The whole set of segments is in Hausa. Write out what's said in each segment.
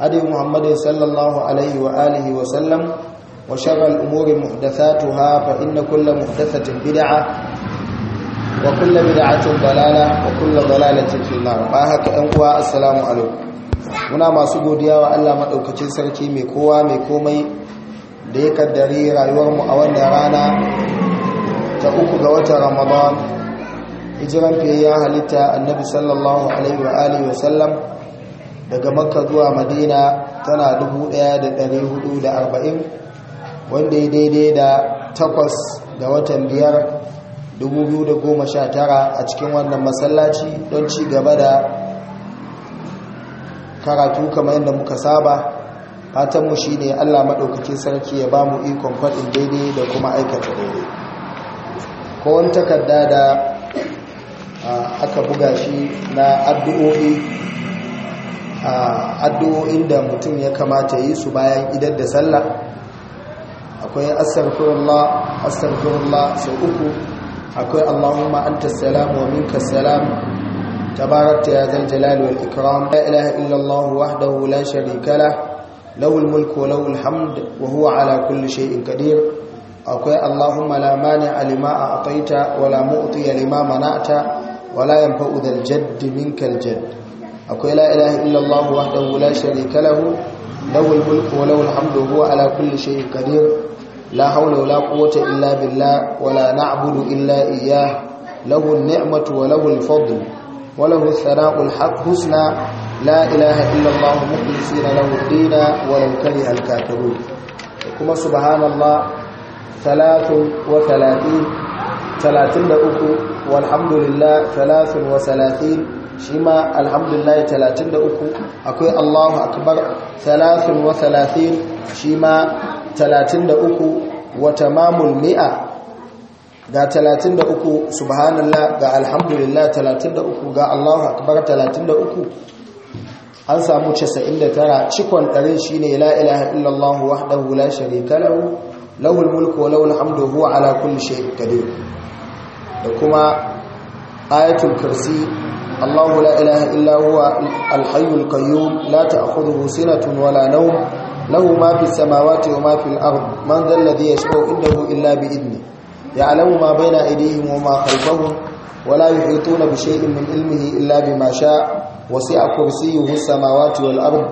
هدي محمد صلى الله عليه وآله وسلم وشر الأمور محدثاتها فإن كل محدثة بدعة وكل بدعة ضلالة وكل ضلالة في النار باهك أنقوى السلام عليكم muna masu godiya wa Allah maɗaukacin sarki mai kowa mai komai da ya kaddari rayuwarmu a wannan rana ta uku ga watan ramadan hijiran ya halitta annabi sallallahu alaihi wa alihi wa sallam daga makka zuwa madina tana 1440 wanda ya daidai da takwas da watan biyar 2019 a cikin wannan masallaci don ci gaba da karatu kamar yadda muka saba fatanmu shi ne allah maɗaukacin sarki ya ba mu ikon faɗin daidai da kuma aikata daidai kowon takarda da ah, aka buga shi na addu'o'i addu'o'in da mutum ya kamata yi su bayan idar da sallah akwai astaghfirullah astaghfirullah sau uku akwai allahumma anta salam wa minka salam tabarakta ya zal jalali wal ikram la ilaha illa allah wahdahu la sharika lah lahu al mulku wa lahu al hamd wa huwa ala kulli shay'in qadir akwai allahumma la mani'a lima a'taita wa la mu'tiya lima mana'ta wa la yanfa'u dhal jadd minka jadd akwai la ilaha illallah wahdahu la sharika lahu lahul mulku wa lahul hamdu huwa ala kulli shay'in qadir la haula wa la quwwata illa billah wa na'budu illa iyyah lahul ni'matu wa lahul fadl wa lahul thana'ul haqq husna la ilaha illallah mukhlisina lahu ad-din wa law kariha al-kafirun kuma subhanallah 33 33 walhamdulillah 33 shi ma da 33 akwai Allahu akbar 33 shi ma 33 wata mamul mi'a ga 33 subhanallah ga alhamdulillah 33 ga Allahu akbar 33 an samu 99 cikon ɗarin shi ne Laila illallah wahdahu la shari'a lahu lahul mulku wa lahul hamdu huwa ala kulli shay'in da kuma ayatul kursi الله لا إله إلا هو الحي القيوم لا تأخذه سنة ولا نوم له ما في السماوات وما في الأرض من ذا الذي يشفع عنده إلا بإذنه يعلم ما بين أيديهم وما خلفهم ولا يحيطون بشيء من علمه إلا بما شاء وسع كرسيه السماوات والأرض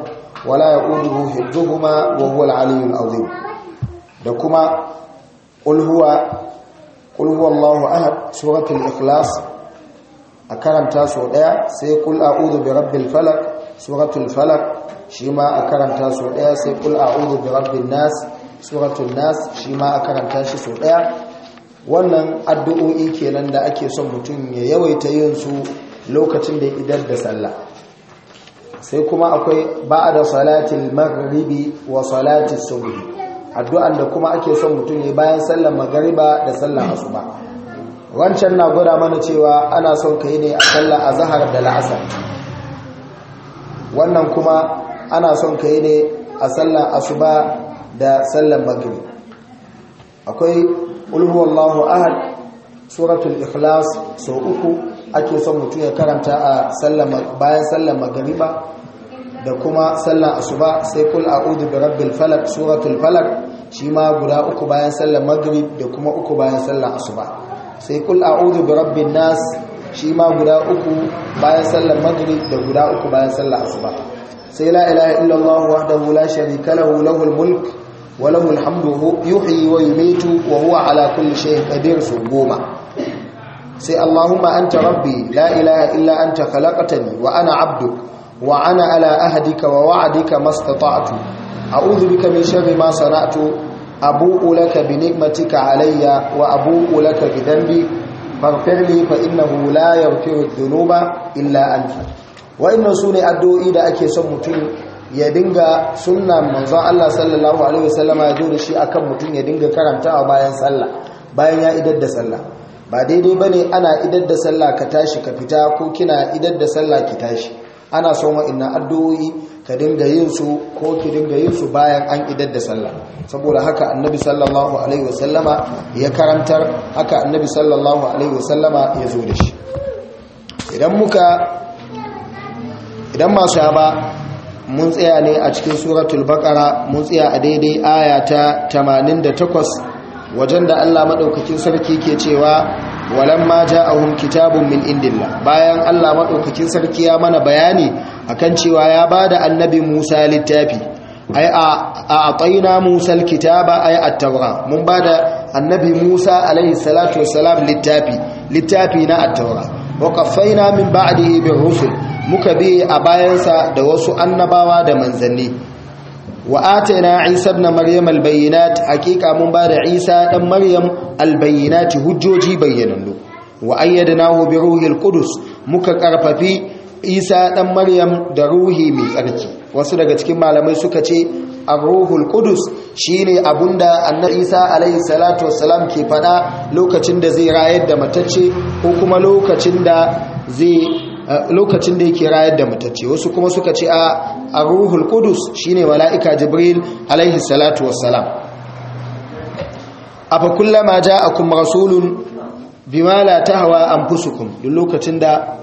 ولا يؤوده حفظهما وهو العلي العظيم دكما قل هو قل هو الله أحد سورة الإخلاص a karanta sau daya sai kul a'udhu bi rabbil falak suratul falak shi ma a karanta sau daya sai kul a'udhu bi rabbin nas suratul nas shi ma a karanta shi sau daya wannan addu'o'i kenan da ake son mutum ya yawaita yin su lokacin da idar da sallah sai kuma akwai da salatil mag'aribi wa salatis sauri," addu'an da kuma ake son mutum ya bayan sallar magariba da sallar asuba wancan na gwada mana cewa ana son ka yi ne a sallar azahar da la'asar wannan kuma ana son ka yi ne a sallar asuba da sallar magrib akwai ulhuwallahu ahad suratul ikhlas sau uku ake son mutum ya karanta a bayan sallar magariba da kuma sallar asuba sai kul Udu, bi rabbil falaq suratul Falak shi ma guda uku bayan sallar magrib da kuma uku bayan sallar asuba sai kul a'udhu bi rabbin nas shi ma guda uku bayan sallar maghrib da guda uku bayan sallar asuba sai la ilaha illallah wahdahu la sharika lahu lahul mulk wa lahul hamdu yuhyi wa yumitu wa huwa ala kulli shay'in qadir su goma sai allahumma anta rabbi la ilaha illa anta khalaqtani wa ana 'abduk wa ana ala ahdika wa wa'dika mastata'tu a'udhu bika min sharri ma sana'tu abu'u laka bi ni'matika alayya wa abu'u laka bi dhanbi faghfirli fa innahu la yaghfiru dhunuba illa anta inna sune addu'o'i da ake son mutum ya dinga sunna manzon Allah sallallahu alaihi wasallama ya zo da shi akan mutum ya dinga karantawa bayan sallah bayan ya idar da sallah ba daidai bane ana idar da sallah ka tashi ka fita ko kina idar da sallah ki tashi ana son wa'annan addu'o'i ka dinga yin su ko ki dinga yin su bayan an idar da sallah saboda haka annabi sallallahu alaihi wasallama ya karantar haka annabi sallallahu alaihi wasallama ya zo da shi idan muka idan masu yaba mun tsaya ne a cikin suratul baqara mun tsaya a daidai aya ta 88 wajen da Allah madaukakin sarki ke cewa walamma ja'ahum kitabun min indilla? bayan Allah maɗaukakin sarki ya mana bayani akan cewa ya bada annabi Musa littafi ai a ataina Musa alkitaba a yi taura mun da annabi Musa alaihi salatu wassalam littafi littafi na at-taura wa min ba'dihi bir-rusul muka biye a bayansa da wasu annabawa da manzanni wa atayna isa ibn maryam albayinat haqiqa mun ba da isa dan maryam albayinat hujjoji bayyanannu wa ayyadnahu bi ruhil qudus muka karfafi isa dan maryam da ruhi mai tsarki wasu daga cikin malamai suka ce ar-ruhul qudus shine abunda annabi isa alayhi salatu wassalam ke fada lokacin da zai rayar da matacce ko kuma lokacin da zai lokacin da yake rayar da mutacce wasu kuma suka ce a ruhul kudus shine mala'ika jibril alaihi salatu wassalam afa kullama ja'akum rasulun bima la tahwa anfusukum duk lokacin da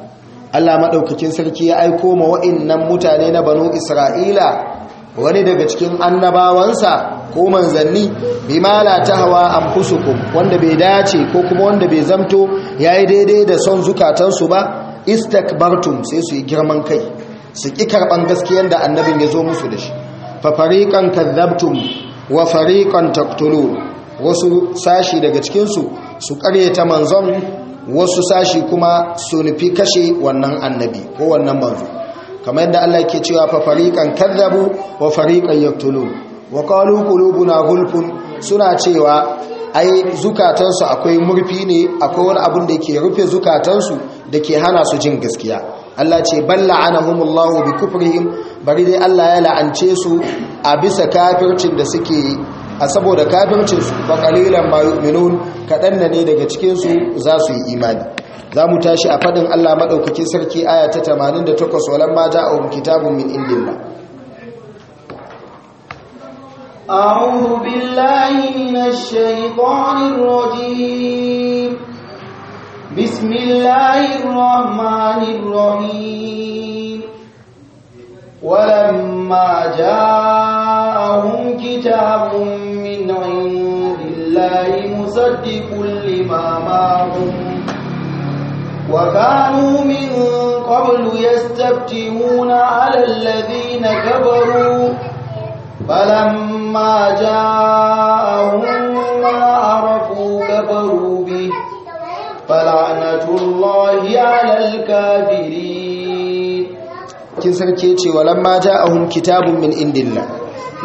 Allah madaukakin sarki ya aiko ma wa'annan mutane na banu isra'ila wani daga cikin annabawansa ko manzanni bima la tahwa anfusukum wanda bai dace ko kuma wanda bai zamto yayi daidai da son zukatansu ba istakbartum sai su yi girman kai su ƙi karɓan gaskiyar da annabin ya zo musu da shi fa fariƙan kazzabtum wa fariƙan taktulu wasu sashi daga cikinsu su ta manzon wasu sashi kuma su nufi kashe wannan annabi ko wannan manzo kamar yadda Allah ke cewa fa fariqan kadzabu wa fariqan yaqtulun wa qalu qulubuna gulfun suna cewa ai zukatansu akwai murfi ne akwai wani abin da ke rufe zukatansu da ke hana su jin gaskiya Allah ce bal humullahu bi kufrihim bari dai Allah ya la'ance su a bisa kafircin da suke a saboda kafircin su ba kalilan ma yu'minun kadan ne daga cikin su za su yi imani za mu tashi a fadin Allah madaukaki sarki aya ta 88 walamma ja'ahum kitabun min indillah أعوذ بالله من الشيطان الرجيم بسم الله الرحمن الرحيم ولما جاءهم كتاب من عند الله مصدق لما معهم وكانوا من قبل يستفتحون على الذين كفروا فلما جاءهم ما عرفوا كفروا به فلعنة الله على الكافرين kin sarki ce walamma ja'ahum kitabun min indillah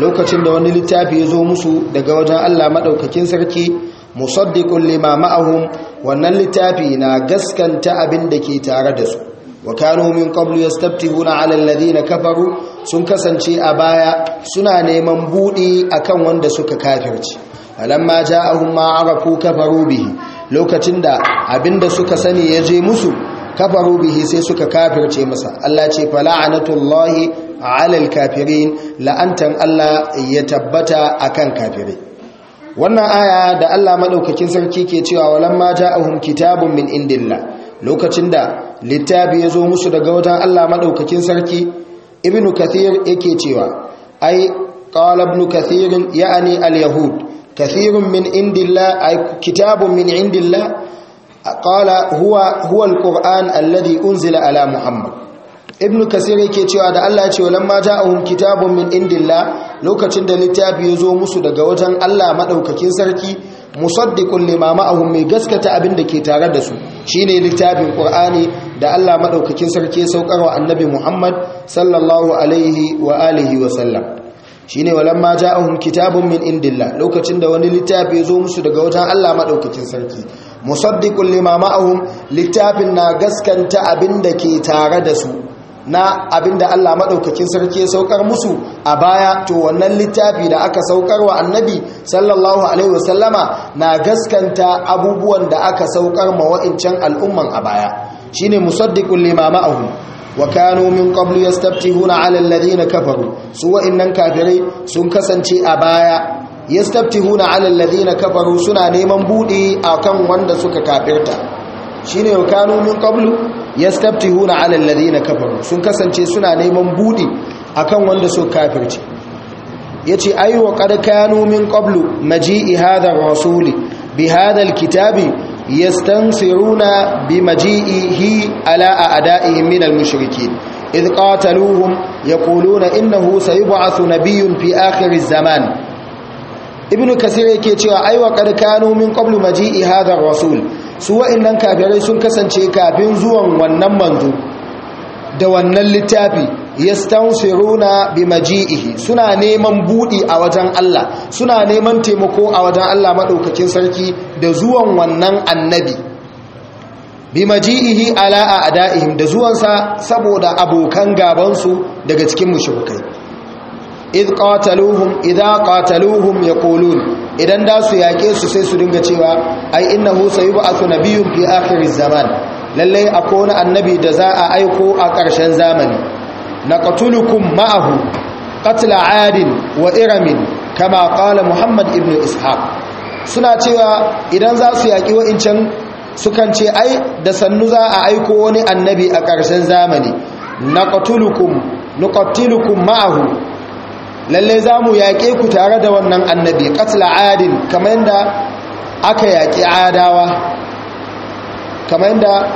lokacin da wani littafi ya zo musu daga wajen Allah Maɗaukakin sarki musaddiƙun lima ma'ahum wannan littafi na gaskanta abin da ke tare da su wa kanu min qablu yastabtihuna kafaru sun kasance a baya suna neman budi akan wanda suka kafirci alamma ja'ahum ma arafu kafaru bihi lokacin da abinda suka sani ya je musu kafaru bihi sai suka kafirce masa Allah ce a alal kafirin, la'antan Allah ya tabbata a kan kafiri. wannan aya da Allah madaukakin sarki ke cewa walamma ja'ahum kitabun min indillah lokacin da littafi ya zo musu daga wajen Allah maɗaukakin sarki ibn kathir yake cewa ai ƙawal ibn kathir ya'ani al-yahud kathirun min indilla ay kitabun min indilla, qala huwa huwa al-quran alladhi unzila ala muhammad ibn kathir yake cewa da Allah ya ce lamma ja'ahum kitabun min indilla, lokacin da littafi ya zo musu daga wajen Allah maɗaukakin sarki musaddiqun lima ma'ahum mai gaskata abin da ke tare da su shine littafin qur'ani da Allah madaukakin sarki saukarwa annabi Muhammad sallallahu alaihi wa alihi wa sallam shine walamma ja'ahum kitabun min indillah lokacin da wani littafi ya zo musu daga wajen Allah madaukakin sarki musaddiqun lima ma'ahum littafin na gaskanta abin da ke tare da su na abinda Allah madaukakin sarki ya saukar musu a baya to wannan littafi da aka saukar wa annabi sallallahu alaihi wasallama na gaskanta abubuwan da aka saukar ma wa'incan al'umman a baya shine musaddiqul lima ma'ahu wa kanu min qablu yastaftihuna 'ala alladhina kafaru su wainnan kafirai sun kasance a baya yastaftihuna 'ala alladhina kafaru suna neman buɗe a kan wanda suka kafirta shine wa kanu min qablu yastaftihuna ala alladhina kafaru sun kasance suna neman budi akan wanda so kafirci yace ai wa qad kanu min qablu maji'i hadha rasuli bi hadha al-kitabi yastansiruna bi maji'ihi ala a'da'ihim min al-mushrikeen idh qataluhum yaquluna innahu sayub'athu nabiyyun fi akhir az-zaman ibnu kasir yake cewa ai wa qad kanu min qablu maji'i hadha ar-rasul su wa'annan kafirai sun kasance kafin zuwan wannan manzo da wannan littafi yastansiruna bimaji'ihi suna neman budi a wajen Allah suna neman taimako a wajen Allah madaukakin sarki da zuwan wannan annabi bimaji'ihi ala a'daihim da zuwansa saboda abokan gaban su daga cikin mushrikai idh qataluhum idha qataluhum yaqulun idan da su yake su sai su dinga cewa ai innahu sayub'athu nabiyyun fi akhir zaman lalle akwai wani annabi da za a aiko a ƙarshen zamani naqtulukum ma'ahu qatla 'adin wa iramin kama qala muhammad ibn ishaq suna cewa idan za su yaki wa'incan sukan ce ai da sannu za a aiko wani annabi a ƙarshen zamani naqtulukum nuqtilukum ma'ahu lalle za mu yaƙe ku tare da wannan annabi ƙasla adin kamar yadda aka yaƙi adawa kamar yadda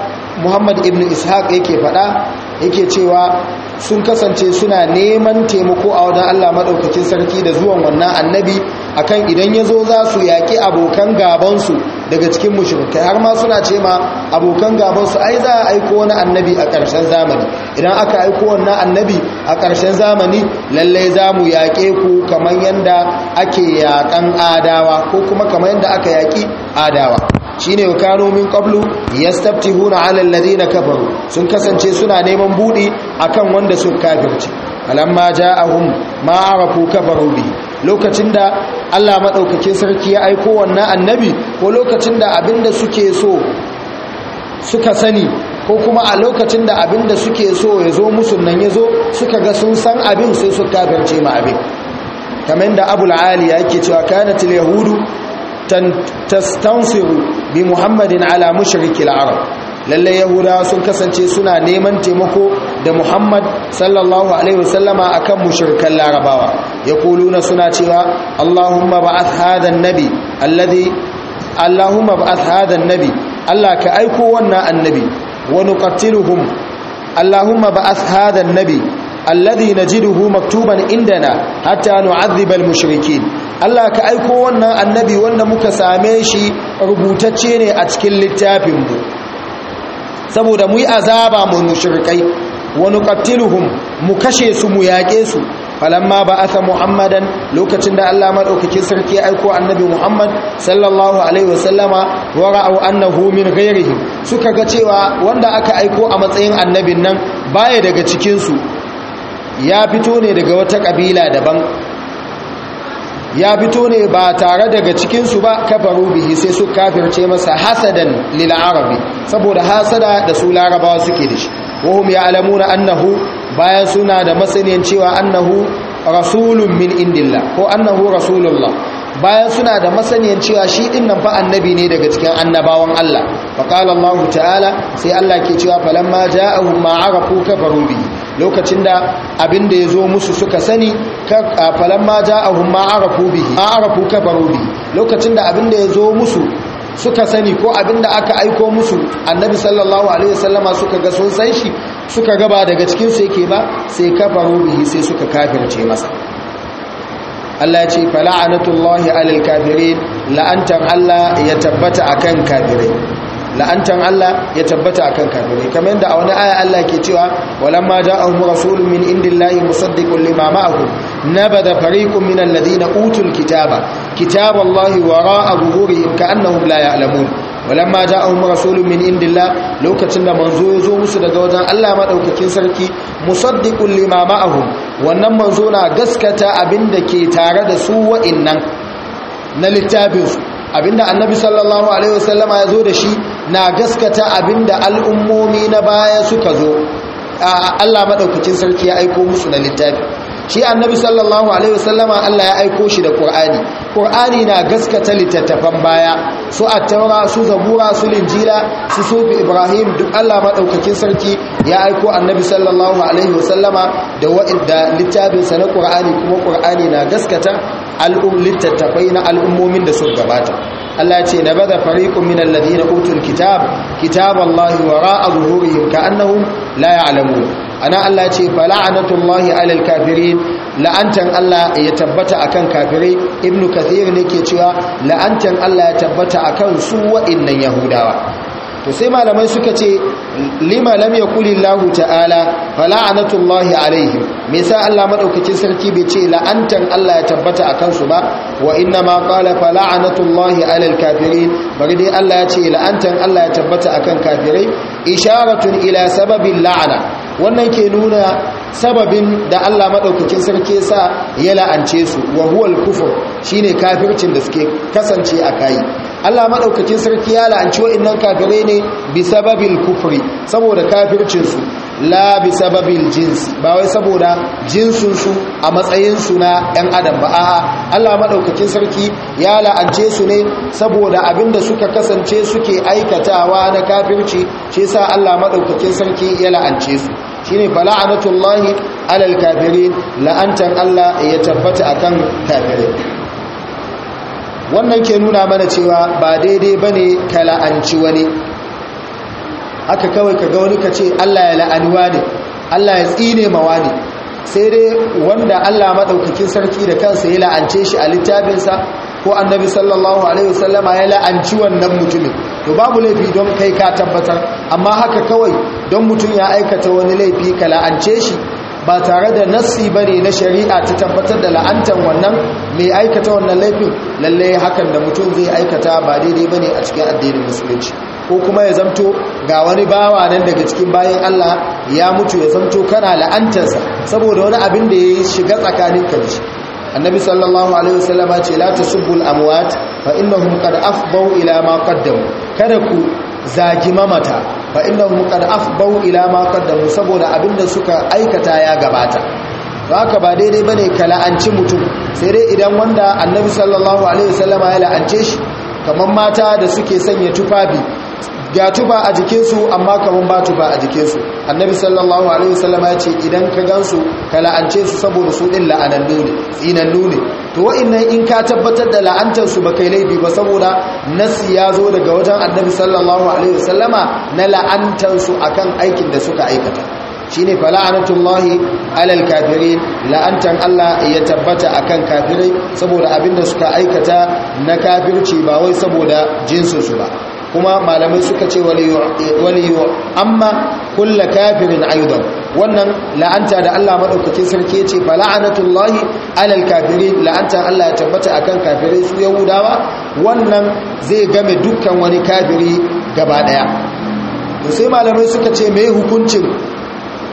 muhammad ibn ishaq yake faɗa yake cewa sun kasance suna neman taimako a wajen allah maɗaukacin sarki da zuwan wannan annabi akan idan ya zo za su yaƙi abokan gabansu daga cikin mushrikai har ma suna ce ma abokan gabansu ai za a aiko wani annabi a ƙarshen zamani idan aka aiko wannan annabi a ƙarshen zamani lallai za mu yaƙe ku kamar yadda ake yaƙan adawa ko kuma kamar yadda aka yaƙi adawa shine wa kanu min qablu yastaftihuna 'ala alladhina kafaru sun kasance suna neman budi akan wanda su kafirci alamma ja'ahum ma arafu kafaru bi lokacin da Allah madaukakin sarki ya aiko wannan annabi ko lokacin da abinda suke so suka sani ko kuma a lokacin da abinda suke so ya zo musu nan ya zo suka ga sun san abin sai su kafirce ma abin kamar da abul ali yake cewa kanatil yahudu tastansiru bi muhammadin ala mushrikil arab lalle yahudawa sun kasance suna neman taimako da muhammad sallallahu alaihi wasallama akan mushrikan larabawa Ya yaquluna suna cewa allahumma ba'ath hadha nabi alladhi allahumma ba'ath hadha annabi allah ka aiko wannan annabi wa nuqatiluhum allahumma ba'ath hadha nabi. alladhi najiduhu maktuban indana hatta nu'adhdhiba al-mushrikeen Allah ka aiko wannan annabi wanda muka same shi rubutacce ne a cikin littafin mu saboda mu yi azaba mu mushrikai wa nuqatiluhum mu kashe su mu yaƙe su falamma ba'atha muhammadan lokacin da Allah madaukake sarki aiko annabi muhammad sallallahu alaihi wasallama wa ra'aw annahu min suka ga cewa wanda aka aiko a matsayin annabin nan baya daga cikin su ya fito ne daga wata kabila daban ya fito ne ba tare daga cikinsu ba kafaru bihi sai su kafirce masa hasadan lil saboda hasada da su larabawa suke da shi wahum na annahu bayan suna da masaniyan cewa annahu rasulun min indillah ko annahu rasulullah bayan suna da masaniyan cewa shi din nan fa annabi ne daga cikin annabawan Allah fa qala Allah ta'ala sai Allah ke cewa falamma ja'ahum ma kafaru bi lokacin da abin da ya zo musu suka sani a falon ma arafu bihi ma arafu kafaru lokacin da abin da ya zo musu suka sani ko abin da aka aiko musu annabi sallallahu alaihi wasallama suka ga sun shi suka gaba daga cikin su yake ba sai kafaru bihi sai suka kafirce masa Allah ya ce fala'anatullahi alal kafirin la'antan Allah ya tabbata akan kafirai la'antan Allah ya tabbata akan kafirai kamar yadda a wani aya Allah ke cewa walamma ja'ahum rasulun min indillahi musaddiqun lima ma'ahum nabada fariqun min alladhina utul kitaba kitaballahi wara'a zuhurihim ka'annahum la ya'lamun walamma ja'ahum rasulun min indillah lokacin da manzo ya zo musu daga wajen Allah madaukakin sarki musaddiqun lima ma'ahum wannan manzo na gaskata abinda ke tare da su wa'innan na littafinsu abinda annabi sallallahu alaihi wasallama ya zo da shi na gaskata abinda al'ummomi na baya suka zo Allah maɗaukacin sarki ya aiko musu na littafi shi annabi sallallahu alaihi wasallama Allah ya aiko shi da Qur'ani Qur'ani na gaskata littattafan baya su at-taura su zabura su linjila su sufi ibrahim duk Allah madaukakin sarki ya aiko annabi sallallahu alaihi wasallama da wa'inda sa na Qur'ani kuma Qur'ani na gaskata al'um littattafai na al'ummomin da sun gabata Allah ce na bada fariqun minal ladina utul kitab kitaballahi ra'a zuhurihim ka'annahum la ya'lamun ana Allah ce fala'anatullahi alal kafirin la'antan Allah ya tabbata akan kafirai ibnu kathir ne ke cewa la'antan Allah ya tabbata akan su wa'innan yahudawa to sai malamai suka ce lima lam yaquli Allahu ta'ala fala'anatullahi alaihim me yasa Allah madaukakin sarki bai ce la'antan Allah ya tabbata akan su ba wa inna ma qala fala'anatullahi alal kafirin bari dai Allah ya ce la'antan Allah ya tabbata akan kafirai isharatun ila sababil la'ana wannan ke nuna sababin da Allah maɗaukacin sarki sa ya la'ance su wa huwal kufur shine kafircin da suke kasance a kai Allah madaukakin sarki ya la'anci wa'annan kafirai ne bisababil kufri saboda kafircin su la sababil jins ba wai saboda jinsun su a matsayin su na ɗan adam ba a'a Allah madaukakin sarki ya la'ance su ne saboda abinda suka kasance suke aikatawa na kafirci shi sa Allah madaukakin sarki ya la'ance su shine bala'anatullahi alal kafirin la'antan Allah ya tabbata akan kafirai wannan ke nuna mana cewa ba daidai ba ne ka la'anci wani haka kawai ka ga wani ka ce allah ya wa ne allah ya tsine mawa ne sai dai wanda allah maɗaukakin sarki da kansa ya la'ance shi a littafinsa ko annabi sallallahu alaihi wasallama ya la'anci wannan mutumin to babu laifi don kai ka tabbatar amma haka kawai don mutum ya aikata wani laifi ka la'ance shi ba tare da nassi bane na shari'a ta tabbatar da la'antar wannan mai aikata wannan laifin lalle hakan da mutum zai aikata ba daidai ba ne a cikin addinin musulunci ko kuma ya zamto ga wani bawa nan daga cikin bayan Allah ya mutu ya zamto kana la'antarsa saboda wani abin da ya shiga tsakanin ka annabi sallallahu alaihi wasallama ce la tasubbul amwat fa innahum qad afbau ila ma qaddam kada ku zagi mamata fa innahu qad afbau ila ma qaddamu saboda abinda suka aikata ya gabata haka ba daidai bane ka la'anci mutum sai dai idan wanda annabi sallallahu alaihi wasallama ya la'ance shi kamar mata da suke sanya tufafi gatu tuba a jikinsu amma kaman ba a jikinsu annabi sallallahu alaihi wasallama ya ce idan ka gansu ka la'ance su saboda su din la'anannu ne tsinannu ne to wa'annan in ka tabbatar da la'antarsu ba kai laifi ba saboda nasi ya zo daga wajen annabi sallallahu alaihi wasallama na la'antarsu akan aikin da suka aikata shine fala'anatullahi alal kafirin la'antan Allah ya tabbata akan kafirai saboda abinda suka aikata na kafirci ba wai saboda jinsinsu ba kuma malamai suka ce waliyo amma kulla kafirin aidan wannan la'anta da Allah madaukakin sarki yace fa la'anatullahi alal kafirin la'anta Allah ya tabbata akan kafirai su yahudawa wannan zai game dukkan wani kafiri gaba ɗaya. to sai malamai suka ce me hukuncin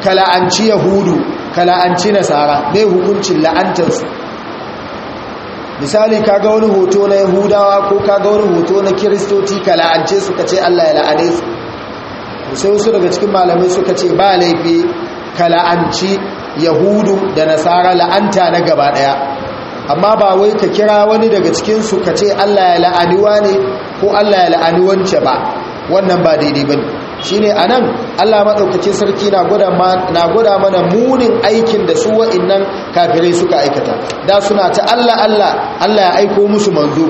kala'anci yahudu kala'anci nasara me hukuncin la'antarsu misali kaga wani hoto na yahudawa ko kaga wani hoto na kiristoci ka la'ance su ka ce allah ya la'ane su sai wasu daga cikin malamai suka ce ba laifi ka la'anci yahudu da nasara la'anta na gaba daya amma ba wai ka kira wani daga cikinsu ka ce allah ya wa ne ko allah ya la'ani wance ba wannan ba daidai ba ne Shi ne a nan, Allah Maɗaukacin sarki na gwada mana munin aikin da su wa'annan kafirai suka aikata da suna ta Allah Allah Allah ya aiko musu manzo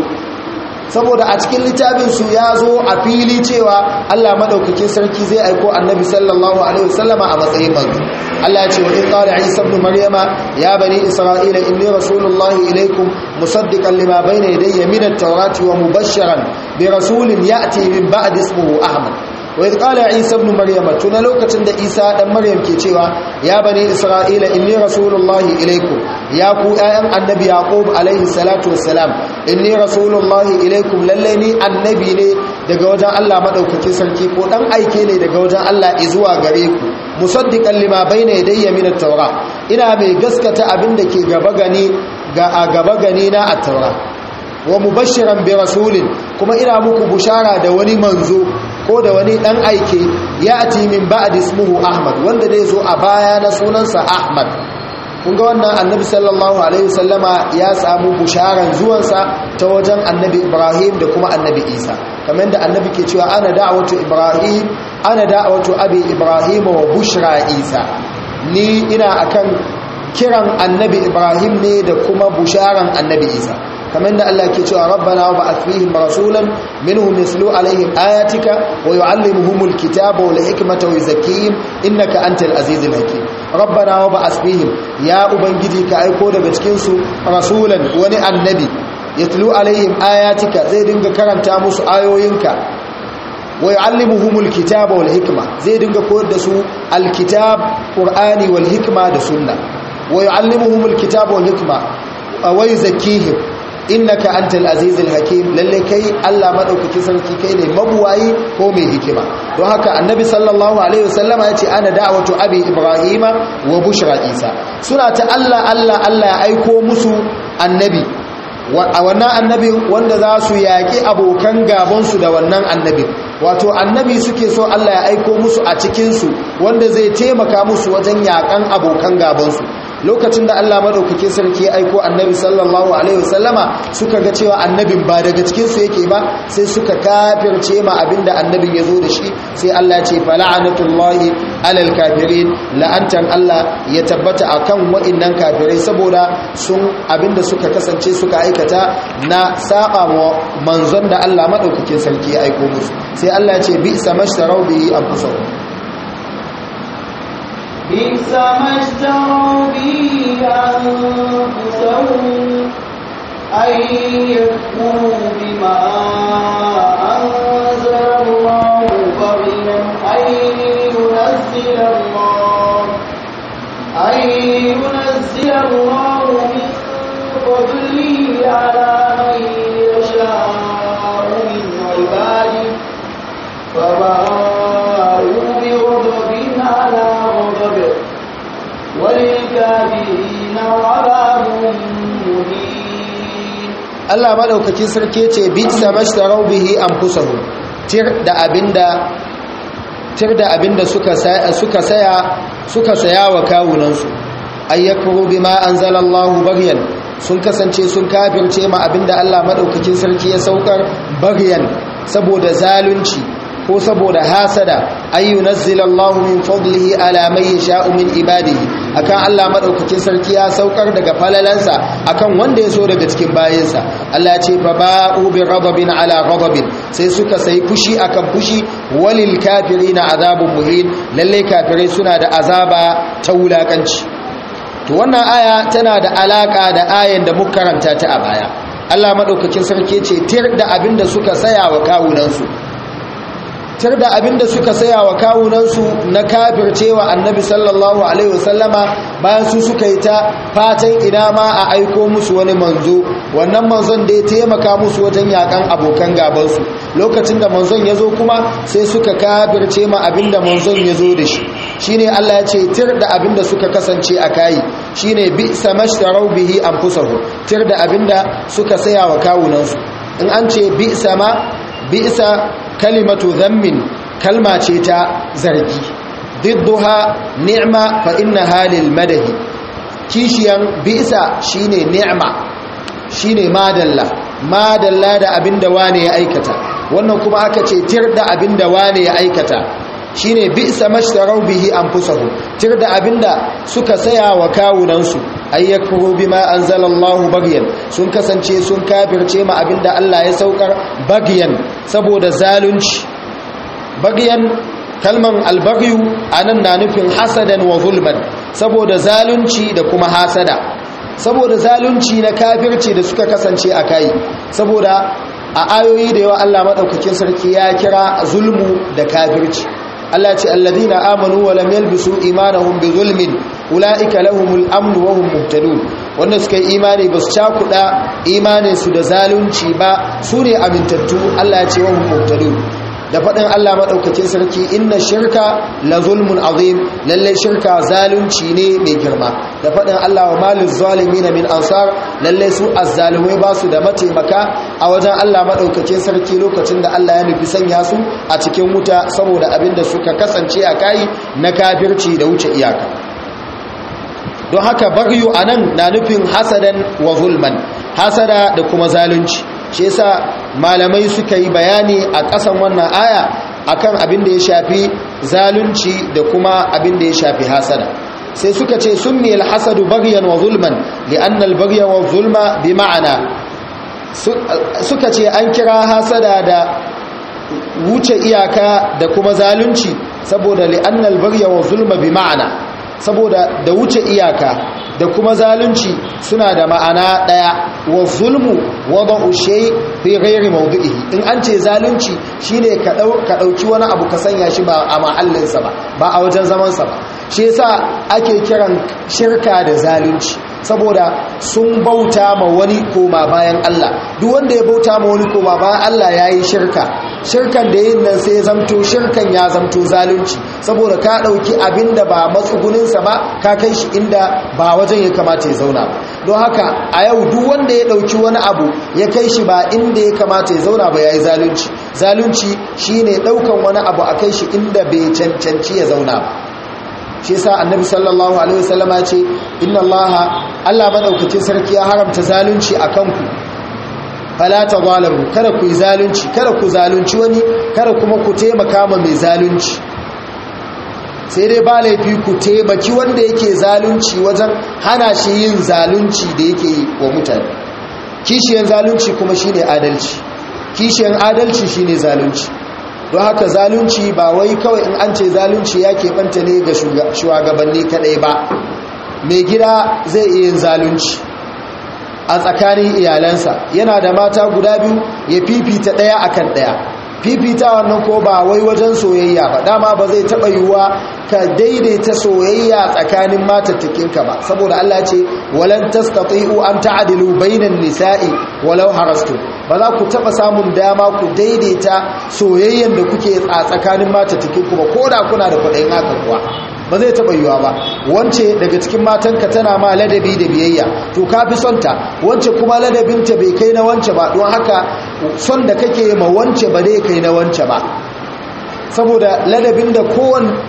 saboda a cikin littafinsu ya zo a fili cewa Allah Maɗaukacin sarki zai aiko annabi sallallahu alaihi wasallama a matsayin manzo Allah ya ce wa in a Isa ibn Maryama ya bani Isra'ila inni rasulullahi ilaikum musaddiqan lima bayna yadayya min at-taurati wa mubashshiran bi rasulin ya'ti min ba'di ismihi Ahmad wa iz qala isa ibn maryam tuna lokacin da isa dan maryam ke cewa ya bani isra'ila inni rasulullahi ilaikum ya ku ayan annabi yaqub alayhi salatu wassalam inni rasulullahi ilaikum lalle ni annabi ne daga wajen Allah madaukakin sarki ko dan aike ne daga wajen Allah zuwa gare ku musaddiqan lima bayna yadayya min at-taura ina mai gaskata abin da ke gaba gani ga gaba gani na at-taura wa mubashiran bi rasulin kuma ina muku bushara da wani manzo ko da wani dan aike ya ati min ba'd ismuhu ahmad wanda zai zo a baya na sunansa ahmad kun ga wannan annabi sallallahu alaihi wasallama ya samu busharan zuwansa ta wajen annabi ibrahim da kuma annabi isa kamar da annabi ke cewa ana da'awatu ibrahim ana da'awatu abi ibrahim wa bushra isa ni ina akan kiran annabi ibrahim ne da kuma busharan annabi isa kamar da Allah ke cewa rabbana wa ba'ath fihim rasulan minhum yaslu alaihim ayatika wa yu'allimuhumul kitaba wal hikmata wa yuzakkihim innaka antal azizul hakim rabbana wa ba'ath fihim ya ubangiji ka aiko daga cikin su rasulan wani annabi yatlu alaihim ayatika zai dinga karanta musu ayoyinka wa yu'allimuhumul kitaba wal hikma zai dinga koyar da su alkitab qur'ani wal hikma da sunna wa yu'allimuhumul kitaba wal hikma wa yuzakkihim innaka antal azizul hakim lalle kai Allah madaukaki sarki kai ne mabuwayi ko mai hikima don haka annabi sallallahu alaihi wasallama yace ana da'watu abi ibrahima wa bushra isa suna ta Allah Allah Allah ya aiko musu annabi wannan annabi wanda za su yaƙi abokan gabansu da wannan annabi wato annabi suke so Allah ya aiko musu a cikin su wanda zai taimaka musu wajen yaƙan abokan gabansu lokacin da Allah maɗaukakin sarki ya aiko annabi sallallahu alaihi wasallama suka ga cewa annabin ba daga cikin su yake ba sai suka kafirce ma abinda annabin ya zo da shi sai Allah ya ce fala'anatullahi alal kafirin la'antan Allah ya tabbata akan wa'annan kafirai saboda sun abinda suka kasance suka aikata na saba manzon da Allah maɗaukakin sarki ya aiko musu sai Allah ya ce bi samashtaraw bi anfusahum بئس ما اشتروا به أنفسهم أن يكفروا بما أنزل الله بغيا أن ينزل الله أن ينزل الله من فضله على من يشاء من عباده فبارك Allah مهين sarki مدوكاكي ce bisa mashtarau bihi tir da abinda da suka saya suka saya suka saya wa kawunan su an bima anzalallahu baghyan sun kasance sun kafirce ma abinda Allah maɗaukakin sarki ya saukar baryan saboda zalunci ko saboda hasada an yunazzila Allah min fadlihi ala man yasha'u min ibadihi akan Allah madaukakin sarki ya saukar daga falalansa akan wanda ya so daga cikin bayinsa Allah ce fa ba'u bi ghadabin ala ghadabin sai suka sai fushi akan fushi walil kafirina azabun muhin lalle kafirai suna da azaba ta wulakanci to wannan aya tana da alaka da ayan da muka karanta ta a baya Allah madaukakin sarki ce tir da abinda suka saya wa kawunansu tar da abinda suka saya wa kawunansu na cewa annabi sallallahu alaihi wasallama bayan su suka yi ta fatan ina ma a aiko musu wani manzo wannan manzon da ya taimaka musu wajen yakan abokan gabansu lokacin da manzon ya zo kuma sai suka kafirce ma abinda manzon ya zo da shi shine Allah ya ce tir da abinda suka kasance a kai shine bi samashtarau bihi anfusahum tir da abinda suka saya wa kawunansu in an ce bi sama bi'sa kalimatu zammin kalma ce ta zargi didduha ni'ma fa innaha madahi kishiyan bi'sa shine ni'ma shine madalla madalla da abinda wane ya aikata wannan kuma aka ce tir da abinda wane ya aikata shine isa mashtarau bihi tir tirda abinda suka saya wa kawunansu ay ma bima anzalallahu bagyan sun kasance sun kafirce ma abinda Allah ya saukar bagyan saboda zalunci bagyan kalman albagyu anan na nufin hasadan wa zulman saboda zalunci da kuma hasada saboda zalunci na kafirci da suka kasance a kai saboda a ayoyi da yawa Allah madaukakin sarki ya kira zulmu da kafirci Allah ce alladhina amanu wa lam yalbisu imanahum bi zulmin ulaika lahumul amn wa hum muhtadun wanda suka yi imani basu cakuda imanin su da zalunci ba su ne amintattu Allah ce wa hum muhtadun da faɗin Allah maɗaukacin sarki inna shirka la zulmun azim lallai shirka zalunci ne mai girma da faɗin Allah wa malin zalimin min ansar lallai su azzalumai ba su da mataimaka a wajen Allah maɗaukacin sarki lokacin da Allah ya nufi sanya su a cikin wuta saboda abin da suka kasance a kayi na kafirci da wuce iyaka don haka baryu anan na nufin hasadan wa zulman hasada da kuma zalunci shi yasa malamai suka yi bayani a ƙasan wannan aya akan abin da ya shafi zalunci da kuma abin da ya shafi hasada sai suka ce sunni al baghyan wa zulman li'anna al wa zulma bi ma'ana suka ce an kira hasada da wuce iyaka da kuma zalunci saboda li'anna al wa zulma bi ma'ana saboda da wuce iyaka da kuma zalunci suna da ma'ana ɗaya wa zulmu wadda ushe fi ghairi mawdu'ihi in an ce zalunci shine ka ka dauki wani abu ka sanya shi ba a mahallinsa ba ba a wajen zamansa ba shi yasa ake kiran shirka da zalunci saboda sun bauta ma wani koma bayan Allah duk wanda ya bauta ma wani koma bayan Allah yayi shirka shirkan da yin nan sai zamto shirkan ya zamto zalunci saboda ka ɗauki abin da ba matsuguninsa ba ka kai shi inda ba wajen ya kamata ya zauna don haka a yau duk wanda ya ɗauki wani abu ya kai shi ba inda ya kamata ya zauna ba ya yi zalunci zalunci shine ne ɗaukan wani abu a kai shi inda bai cancanci ya zauna ba shi sa annabi sallallahu alaihi wasallama ce inna allaha allah madaukakin sarki ya haramta zalunci a kanku fala zalimu kada ku yi zalunci kada ku zalunci wani kada kuma ku taimaka ma mai zalunci sai dai ba laifi ku taimaki wanda yake zalunci wajen hana shi yin zalunci da yake yi wa mutane kishiyan zalunci kuma shi ne adalci kishiyan adalci shi ne zalunci don haka zalunci ba wai kawai in an ce zalunci ya keɓanta ne ga shugabanni kaɗai ba mai gida zai iya yin zalunci a tsakanin iyalansa yana da mata guda biyu ya fifita ɗaya akan ɗaya fifita wannan ko ba wai wajen soyayya ba dama ba zai taɓa yiwuwa ka daidaita soyayya tsakanin matattakinka ba saboda Allah ce walan tastati'u an ta'dilu bainan nisa'i walau harastu ba za ku taɓa samun dama ku daidaita soyayyan da kuke a tsakanin matattakinku ku ba koda kuna da kuɗin haka kuwa ba zai taɓa yiwa ba wance daga cikin matanka tana ma ladabi da biyayya to ka fi son ta wance kuma ladabinta bai kai na wance ba don haka son da kake ma wance ba zai kai na wance ba saboda ladabin da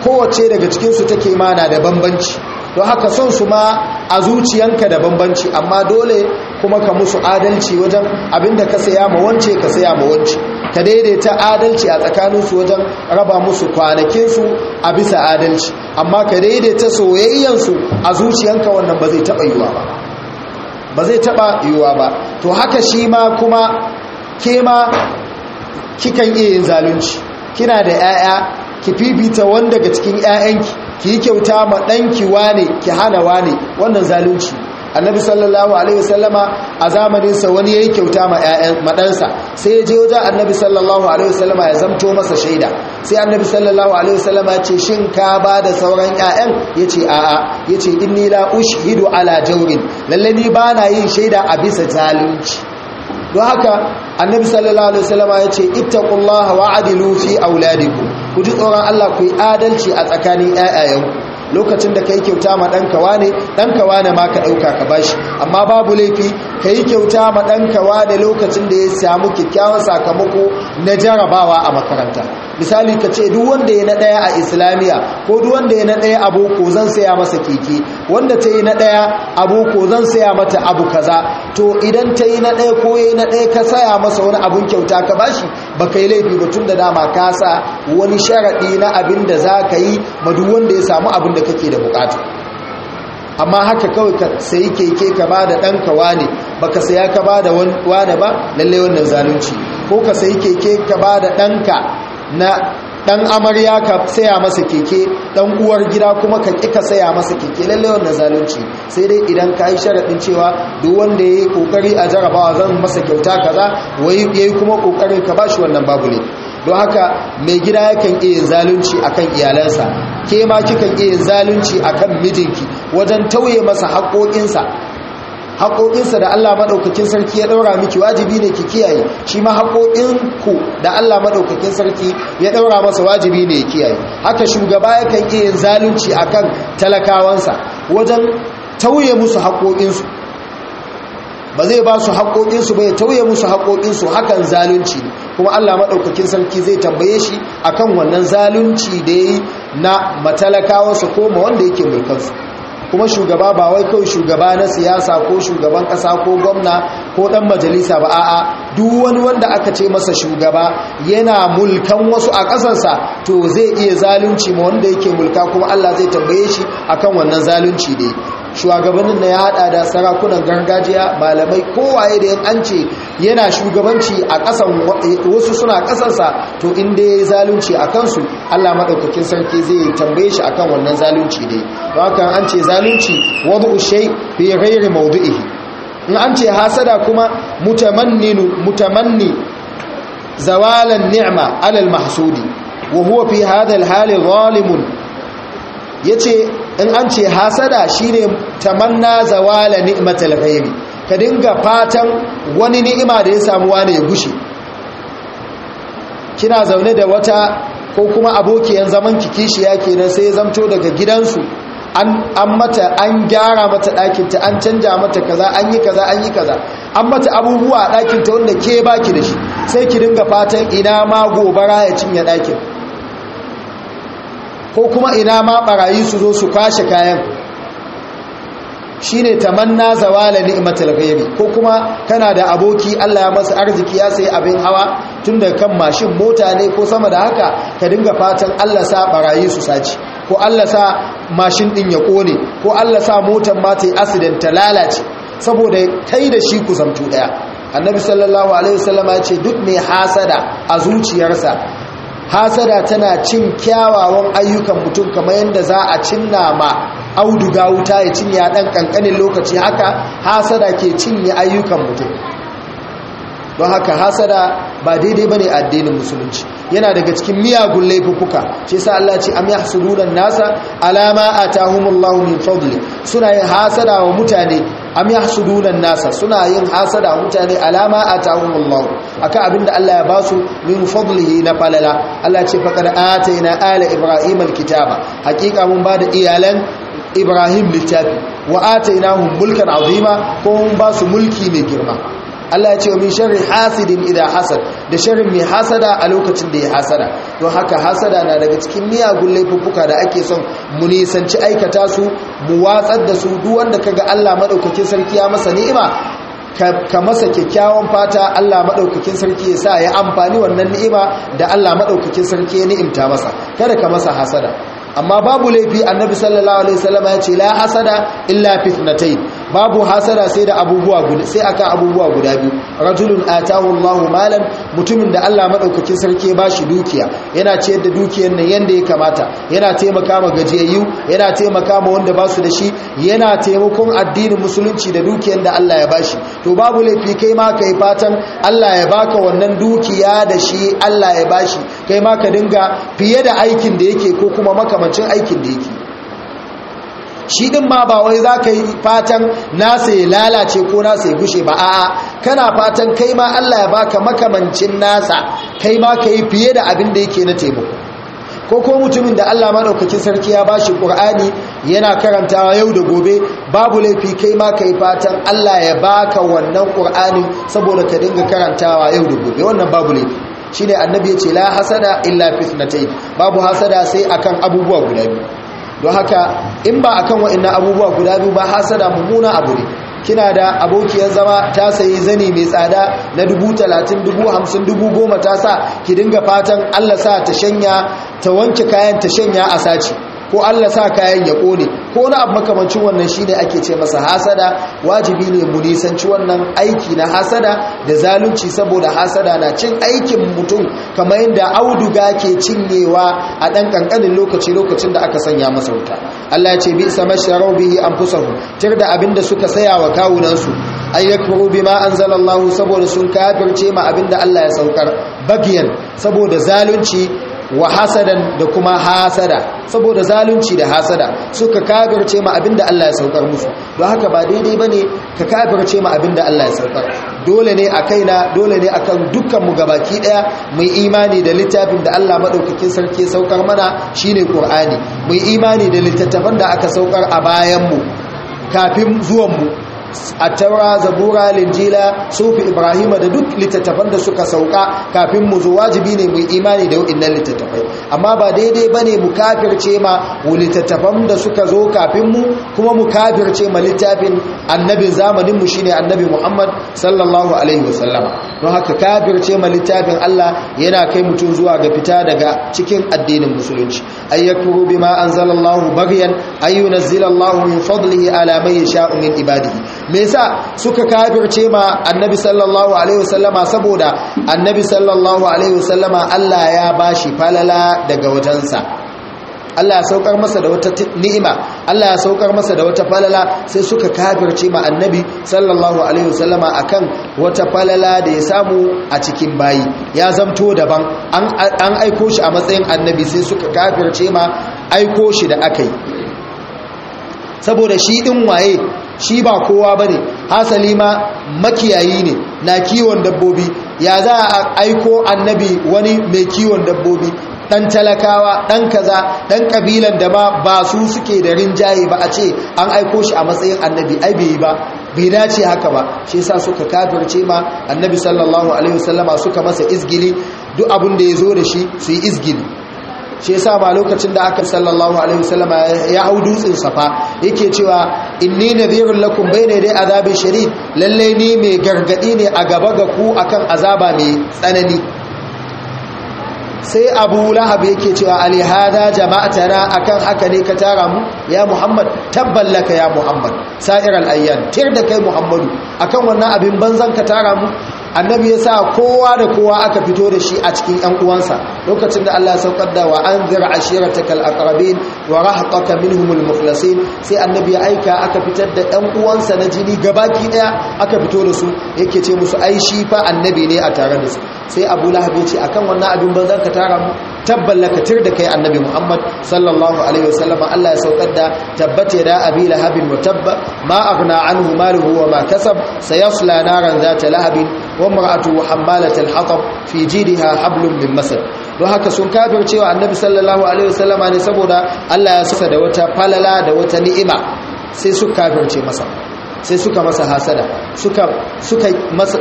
kowace daga cikinsu take mana da bambanci To haka son su ma a zuciyanka da bambanci amma dole kuma ka musu adalci wajen abinda ka saya ma wance ka saya ma wance ka daidaita adalci a tsakaninsu wajen raba musu su a bisa adalci amma ka daidaita soyayyan su a zuciyanka wannan ba zai taba yiwuwa ba ba zai taɓa yiwuwa ba to haka shi ma kuma ke ma kikan iya yin zalunci kina da 'ya'ya ki fifita wanda daga cikin 'ya'yanki ki yi kyauta ma ɗanki wane ki hana wane wannan zalunci annabi sallallahu alaihi wasallama a zamanin sa wani yi kyauta ma ɗansa. sai ya je wajen annabi sallallahu alaihi wasallama ya zamto masa shaida sai annabi sallallahu alaihi wasallama ce shin ka ba da sauran ƴaƴan yace a'a yace inni la hidu ala jawrin lalle ni na yin shaida a bisa zalunci don haka annabi sallallahu alaihi wasallama yace ittaqullaha wa'adilu fi auladikum ku ji tsoron Allah ku yi adalci a tsakanin ƴaƴayenku lokacin da ka yi kyauta ma ɗanka wane ɗanka wane ma ka ɗauka ka bashi amma babu laifi ka yi kyauta ma ɗanka wane lokacin da ya samu kyakkyawan sakamako na jarabawa a makaranta misali ka ce duk wanda ya na ɗaya a islamiyya ko duk wanda ya na ɗaya a boko zan saya masa keke wanda ta yi na ɗaya a boko zan saya mata abu kaza to idan ta yi na ɗaya ko ya yi na ɗaya ka saya masa wani abun kyauta ka bashi ba ka yi laifi ba tun da dama ka sa wani sharaɗi na abin da za ka yi ma duk wanda ya samu abin da kawai kake da bukata amma haka kawai ka sayi keke ka ba da ɗanka wane ba ka saya ka ba da wane ba lalle wannan zalunci ko ka sayi keke ka ba da ɗanka na ɗan amarya ka saya masa keke ɗan uwar gida kuma ka ƙi ka saya masa keke lalle wannan zalunci sai dai idan ka yi sharaɗin cewa duk wanda ya yi ƙoƙari a jarabawa zan masa kyauta kaza wai ya yi kuma ƙoƙarin ka ba shi wannan babu ne don haka mai gida yakan iya zalunci akan iyalansa ke ma kikan iya zalunci akan mijinki wajen tauye masa haƙoƙinsa haƙoƙinsa da Allah maɗaukakin sarki ya ɗaura miki wajibi ne ki kiyaye shi ma haƙoƙinku da Allah maɗaukakin sarki ya ɗaura masa wajibi ne ya kiyaye haka shugaba yakan iya yin zalunci akan talakawansa wajen tauye musu haƙoƙinsu ba zai ba su haƙoƙinsu ba ya tauye musu haƙoƙinsu hakan zalunci kuma allah maɗaukakin sarki zai tambaye shi a kan wannan zalunci da ya yi na matalakawarsa ko ma wanda yake mai kansu kuma shugaba ba wai kawai shugaba na siyasa ko shugaban ƙasa ko gwamna ko ɗan majalisa ba a'a duk wani wanda aka ce masa shugaba yana mulkan wasu a ƙasarsa to zai iya zalunci ma wanda yake mulka kuma allah zai tambaye shi akan wannan zalunci da shugabannin na ya da sarakunan gargajiya malamai kowaye da an ce yana shugabanci a ƙasan wasu suna ƙasansa to inda ya yi zalunci a kansu allah maɗaukakin sarki zai tambaye shi akan wannan zalunci dai. Wakan an ce zalunci wadda ushai fi rairi maudu'ihi in an ce hasada kuma mutamanni zawalan ni'ma alal mahsudi wa huwa fi hadha al zalimun ya ce in an ce hasada shi ne tamanna zawala ni'matal ghairi ka dinga fatan wani ni'ima da ya samuwa ne ya gushe kina zaune da wata ko kuma abokiyan zaman kishiya kenan sai ya zamto daga gidansu an mata an gyara mata ɗakinta an canja mata kaza an yi kaza an yi kaza an mata abubuwa a ɗakinta wanda ke baki da shi sai ki dinga fatan ina ma gobara ya cinye ɗakin ko kuma ina ma barayi su zo su kwashe kayan shine tamanna zawala ni'matul ghaibi ko kuma kana da aboki Allah ya masa arziki ya sayi abin hawa tun kan mashin mota ne ko sama da haka ka dinga fatan Allah sa barayi su saci ko Allah sa mashin din ya kone ko Allah sa motar ma ta yi accident ta lalace saboda kai da shi ku zamto daya annabi sallallahu alaihi wasallam ya ce duk mai hasada a zuciyarsa hasada tana cin kyawawan ayyukan mutum kamar yadda za a cinna ma auduga wuta ya cinye a ɗan ƙanƙanin lokaci haka hasada ke cinye ayyukan mutum don haka hasada ba daidai ba ne a addinin musulunci yana daga cikin miyagun laifuka ce sa Allah ce am yahsuduna nasa alama atahumullahu min fadli suna yin hasada wa mutane am yahsuduna nasa suna yin hasada wa mutane alama atahumullahu aka abinda Allah ya basu min fadlihi na falala Allah ce faqad ataina ala ibrahima alkitaba hakika mun bada iyalan ibrahim littafi wa atainahum mulkan azima ko mun basu mulki mai girma Allah ya ce wa min sharri hasidin idan hasad da sharrin mai hasada a lokacin da ya hasada don haka hasada na daga cikin miyagun laifuffuka da ake son mu nisanci aikata su mu watsar da su duk wanda kaga Allah madaukakin sarki ya masa ni'ima ka masa kyakkyawan fata Allah maɗaukakin sarki ya sa ya amfani wannan ni'ima da Allah maɗaukakin sarki ya ni'imta masa kada ka masa hasada amma babu laifi annabi sallallahu alaihi wasallam ya ce la hasada illa fitnatayn babu hasara sai da abubuwa guda sai akan abubuwa guda biyu rajulun atahu Allahu malan mutumin da Allah madaukakin sarki ya bashi dukiya yana ciyar da dukiyar nan yanda ya kamata yana taimaka ma gajiyayyu yana taimaka ma wanda basu da shi yana taimakon addinin musulunci da dukiyar da Allah ya bashi to babu laifi kai ma kai fatan Allah ya baka wannan dukiya da shi Allah ya bashi kai ma ka dinga fiye da aikin da yake ko kuma makamancin aikin da yake shi din ma ba wai za ka yi fatan nasa ya lalace ko nasa ya gushe ba a'a kana fatan kai ma Allah ya baka makamancin nasa kai ma ka yi fiye da abin da yake na taimako ko ko mutumin da Allah madaukakin sarki ya ba shi Qur'ani yana karantawa yau da gobe babu laifi kai ma kai fatan Allah ya baka wannan Qur'anin saboda ka dinga karantawa yau da gobe wannan babu laifi shine annabi ya ce la hasada illa fitnatayn babu hasada sai akan abubuwa guda biyu don haka in ba a akan wa'annan abubuwa guda biyu ba hasada mummuna abu ne kina da abokiyar zama ta sayi zani mai tsada na dubu talatin dubu hamsin dubu goma ta sa ki dinga fatan allah sa ta shanya ta wanke kayan ta shanya a sace ko Allah sa kayan ya kone ko na abu makamancin wannan ne ake ce masa hasada wajibi ne mu nisanci wannan aiki na hasada da zalunci saboda hasada na cin aikin mutum kamar yadda auduga ke cinyewa a ɗan ƙanƙanin lokaci lokacin da aka sanya masa wuta Allah ya ce bi sama sharau bihi da abin da suka saya wa kawunan su bi ma an zalallahu saboda sun kafirce ma abin da Allah ya saukar bagiyan saboda zalunci wa hasadan da kuma hasada saboda zalunci da hasada suka kagarce ma abinda Allah ya saukar musu don haka ba daidai bane ka kagarce ma abinda Allah ya saukar dole ne a kaina dole ne akan dukkan mu gabaki daya mu imani da littafin da Allah madaukakin sarki saukar mana shine Qur'ani mu imani da littattafan da aka saukar a bayan mu kafin zuwan mu attaura zabura linjila sufi Ibrahim da duk littattafan da suka sauka kafin mu zo wajibi ne mai imani da waɗannan littattafai amma ba daidai ba ne mu kafirce ma littattafan da suka zo kafin mu kuma mu kafirce ma littafin annabin zamaninmu mu shine annabi Muhammad sallallahu alaihi wasallama don haka kafirce ma littafin Allah yana kai mutum zuwa ga fita daga cikin addinin musulunci ayyakuru bima anzalallahu baghyan ayyunazzilallahu min fadlihi ala man yasha'u min ibadihi me yasa suka kafirce ma annabi sallallahu alaihi wasallama saboda annabi sallallahu alaihi wasallama Allah ya bashi falala daga wajensa Allah ya saukar masa da wata ni'ima Allah ya saukar masa da wata falala sai suka kafirce ma annabi sallallahu alaihi wasallama akan wata falala da ya samu a cikin bayi ya zamto daban an aiko shi a matsayin annabi sai suka kafirce ma aiko shi da akai saboda shi din waye shi ba kowa bane hasali ma makiyayi ne na kiwon dabbobi ya za a aiko annabi wani mai kiwon dabbobi dan talakawa dan kaza dan kabilan da ma ba su suke da rinjaye ba a ce an aiko shi a matsayin annabi ai bai ba bai dace haka ba shi yasa suka kafirce ma annabi sallallahu alaihi wasallama suka masa izgili duk abin da zo da shi su yi izgili shi yasa ba lokacin da aka sallallahu alaihi wasallama ya hau dutsin safa yake cewa inni nadhirul lakum bayna dai azabin sharid lalle ni mai gargadi ne a gaba ga ku akan azaba mai tsanani sai abu lahab yake cewa Ali jama'ata jama'atana akan haka ne ka tara mu ya muhammad tabballaka ya muhammad sa'ir al'ayyan tir da kai muhammadu akan wannan abin banzan ka tara mu annabi ya sa kowa da kowa aka fito da shi a cikin ‘yan uwansa lokacin da Allah saukar da wa an zira ashira ta kal'akarabin wa sai annabi ya aika aka fitar da ‘yan uwansa na jini gabaki ɗaya aka fito da su yake ce musu ai shi fa annabi ne a tare da su sai abu lahab ya ce akan wannan abin ban ka tara mu tabbalakatir da kai annabi muhammad sallallahu alaihi Allah ya saukar da tabbata da abi lahabin wa tabba ma aghna anhu maluhu wa ma kasab sayasla naran zata lahabin wa mar'atuhu hammalat hatab fi jidha hablum min masad don haka sun kafir cewa annabi sallallahu alaihi wasallama ne saboda Allah ya saka da wata falala da wata ni'ima sai su kafirce masa sai suka masa hasada suka suka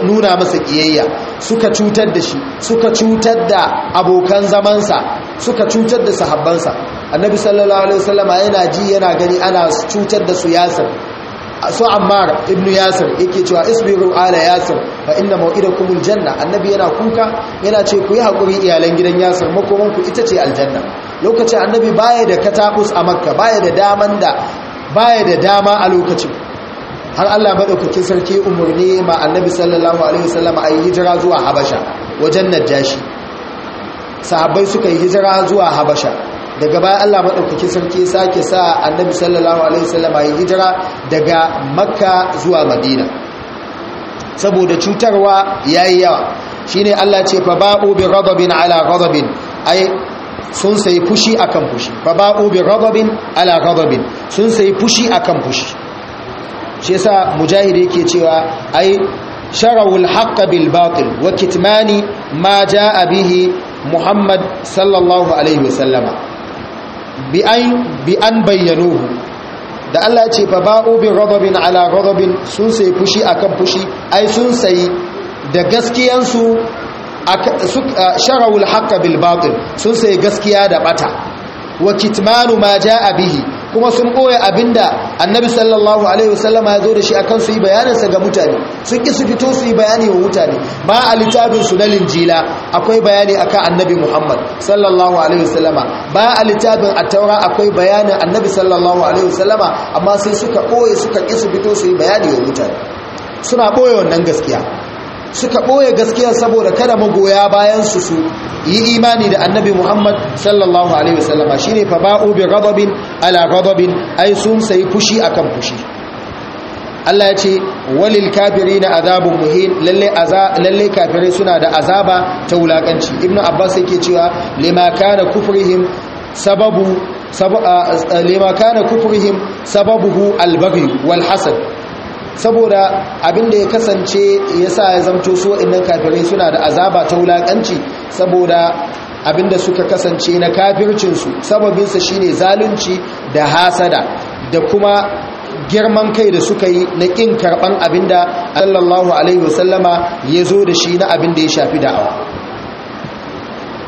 nuna masa kiyayya suka cutar da shi suka cutar da abokan zamansa suka cutar da sahabbansa annabi sallallahu alaihi wasallama yana ji yana gani ana cutar da su yasir su ammar ibn yasir yake cewa isbiru ala yasir fa inna maw'idakumul janna annabi yana kuka yana ce ku yi hakuri iyalan gidan yasir makoman ku ita ce aljanna lokacin annabi baya da katabus a makka baya da daman da baya da dama a lokacin har Allah madaukakin sarki umarni ma annabi sallallahu alaihi wasallam a yi hijira zuwa habasha wajen najashi sahabbai suka yi hijira zuwa habasha daga baya Allah madaukakin sarki sake sa annabi sallallahu alaihi wasallam a yi hijira daga makka zuwa madina saboda cutarwa yayi yawa shine Allah ce fa ba'u bi ghadabin ala ghadabin ai sun sai fushi akan fushi fa ba'u bi ghadabin ala ghadabin sun sai fushi akan fushi shi yasa mujahid yake cewa ai sharawul haqqa bil batil wa kitmani ma jaa bihi muhammad sallallahu alaihi wasallama bi an bi an bayyanuhu da Allah ya ce fa ba'u bi ghadabin ala ghadabin sun sai fushi akan fushi ai sun sai da gaskiyansu sharawul haqqa bil batil sun sai gaskiya da bata wa kitmanu ma jaa bihi kuma sun ɓoye abinda annabi sallallahu alaihi wasallama ya zo da shi akan su yi bayaninsa ga mutane sun ƙi su fito su yi bayani wa mutane ba a su na linjila akwai bayani akan annabi muhammad sallallahu alaihi wasallama ba a littafin a taura akwai bayanin annabi sallallahu alaihi wasallama amma sai suka ɓoye suka ƙi su fito su yi bayani wa mutane suna ɓoye wannan gaskiya suka ɓoye gaskiya saboda kada magoya bayan su su yi imani da annabi muhammad sallallahu alaihi wasallama shi ne faba'u bi gadabin ala gadabin ai sun sayi fushi a kan fushi Allah ya ce walil kafiri na azabun muhin lalle kafirai suna da azaba ta wulakanci ibnu abbas yake cewa lima kana kufrihim sababu lima kana kufrihim saboda abinda ya kasance ya sa ya zamto su waɗannan kafirai suna da azaba ta wulakanci, saboda abinda suka kasance na kafircinsu sababinsa ne zalunci da hasada da kuma girman kai da suka yi na ƙin karɓan abinda allallahu alaihi wasallama ya zo da shi na abinda ya shafi da'awa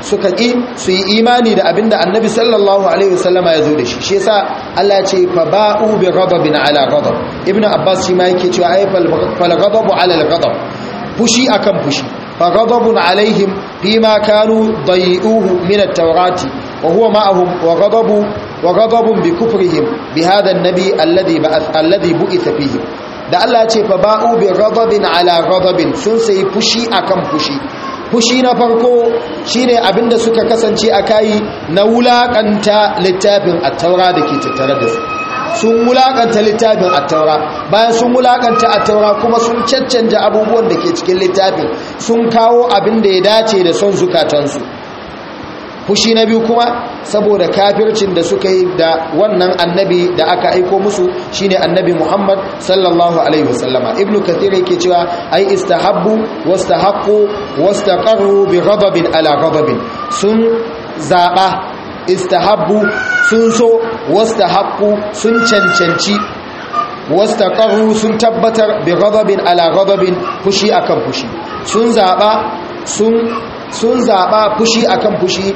suka ƙi su yi imani da abin da annabi sallallahu alaihi wasallama ya zo da shi shi yasa Allah ce fa ba'u bi ghadabin ala ghadab ibnu abbas shi ma yake cewa ay fal ghadabu ala ghadab fushi akan fushi fa ghadabun alaihim bima kanu dayyuhu min at tawrati wa huwa ma'ahum wa ghadabu wa ghadabun bi kufrihim bi hadha an nabi alladhi ba'ath alladhi bu'itha fihi da Allah ce fa ba'u bi ghadabin ala ghadabin sun sai fushi akan fushi fushi na farko shine abinda suka kasance a kayi na wulaƙanta littafin attaura da ke tattare da su sun wulakanta littafin attaura bayan sun wulakanta attaura kuma sun caccanja abubuwan da ke cikin littafin sun kawo abin da ya dace da son zukatansu fushi na biyu kuma saboda kafircin da suka yi da wannan annabi da aka aiko musu shine annabi Muhammad sallallahu alaihi wasallama ibnu kathir yake cewa ai istahabbu wastahaqqu wastaqarru bi ghadabin ala ghadabin sun zaba istahabbu sun so wastahaqqu sun cancanci wastaqarru sun tabbatar bi ghadabin ala ghadabin fushi akan fushi sun zaba sun sun zaba fushi akan fushi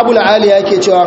abul ali yake cewa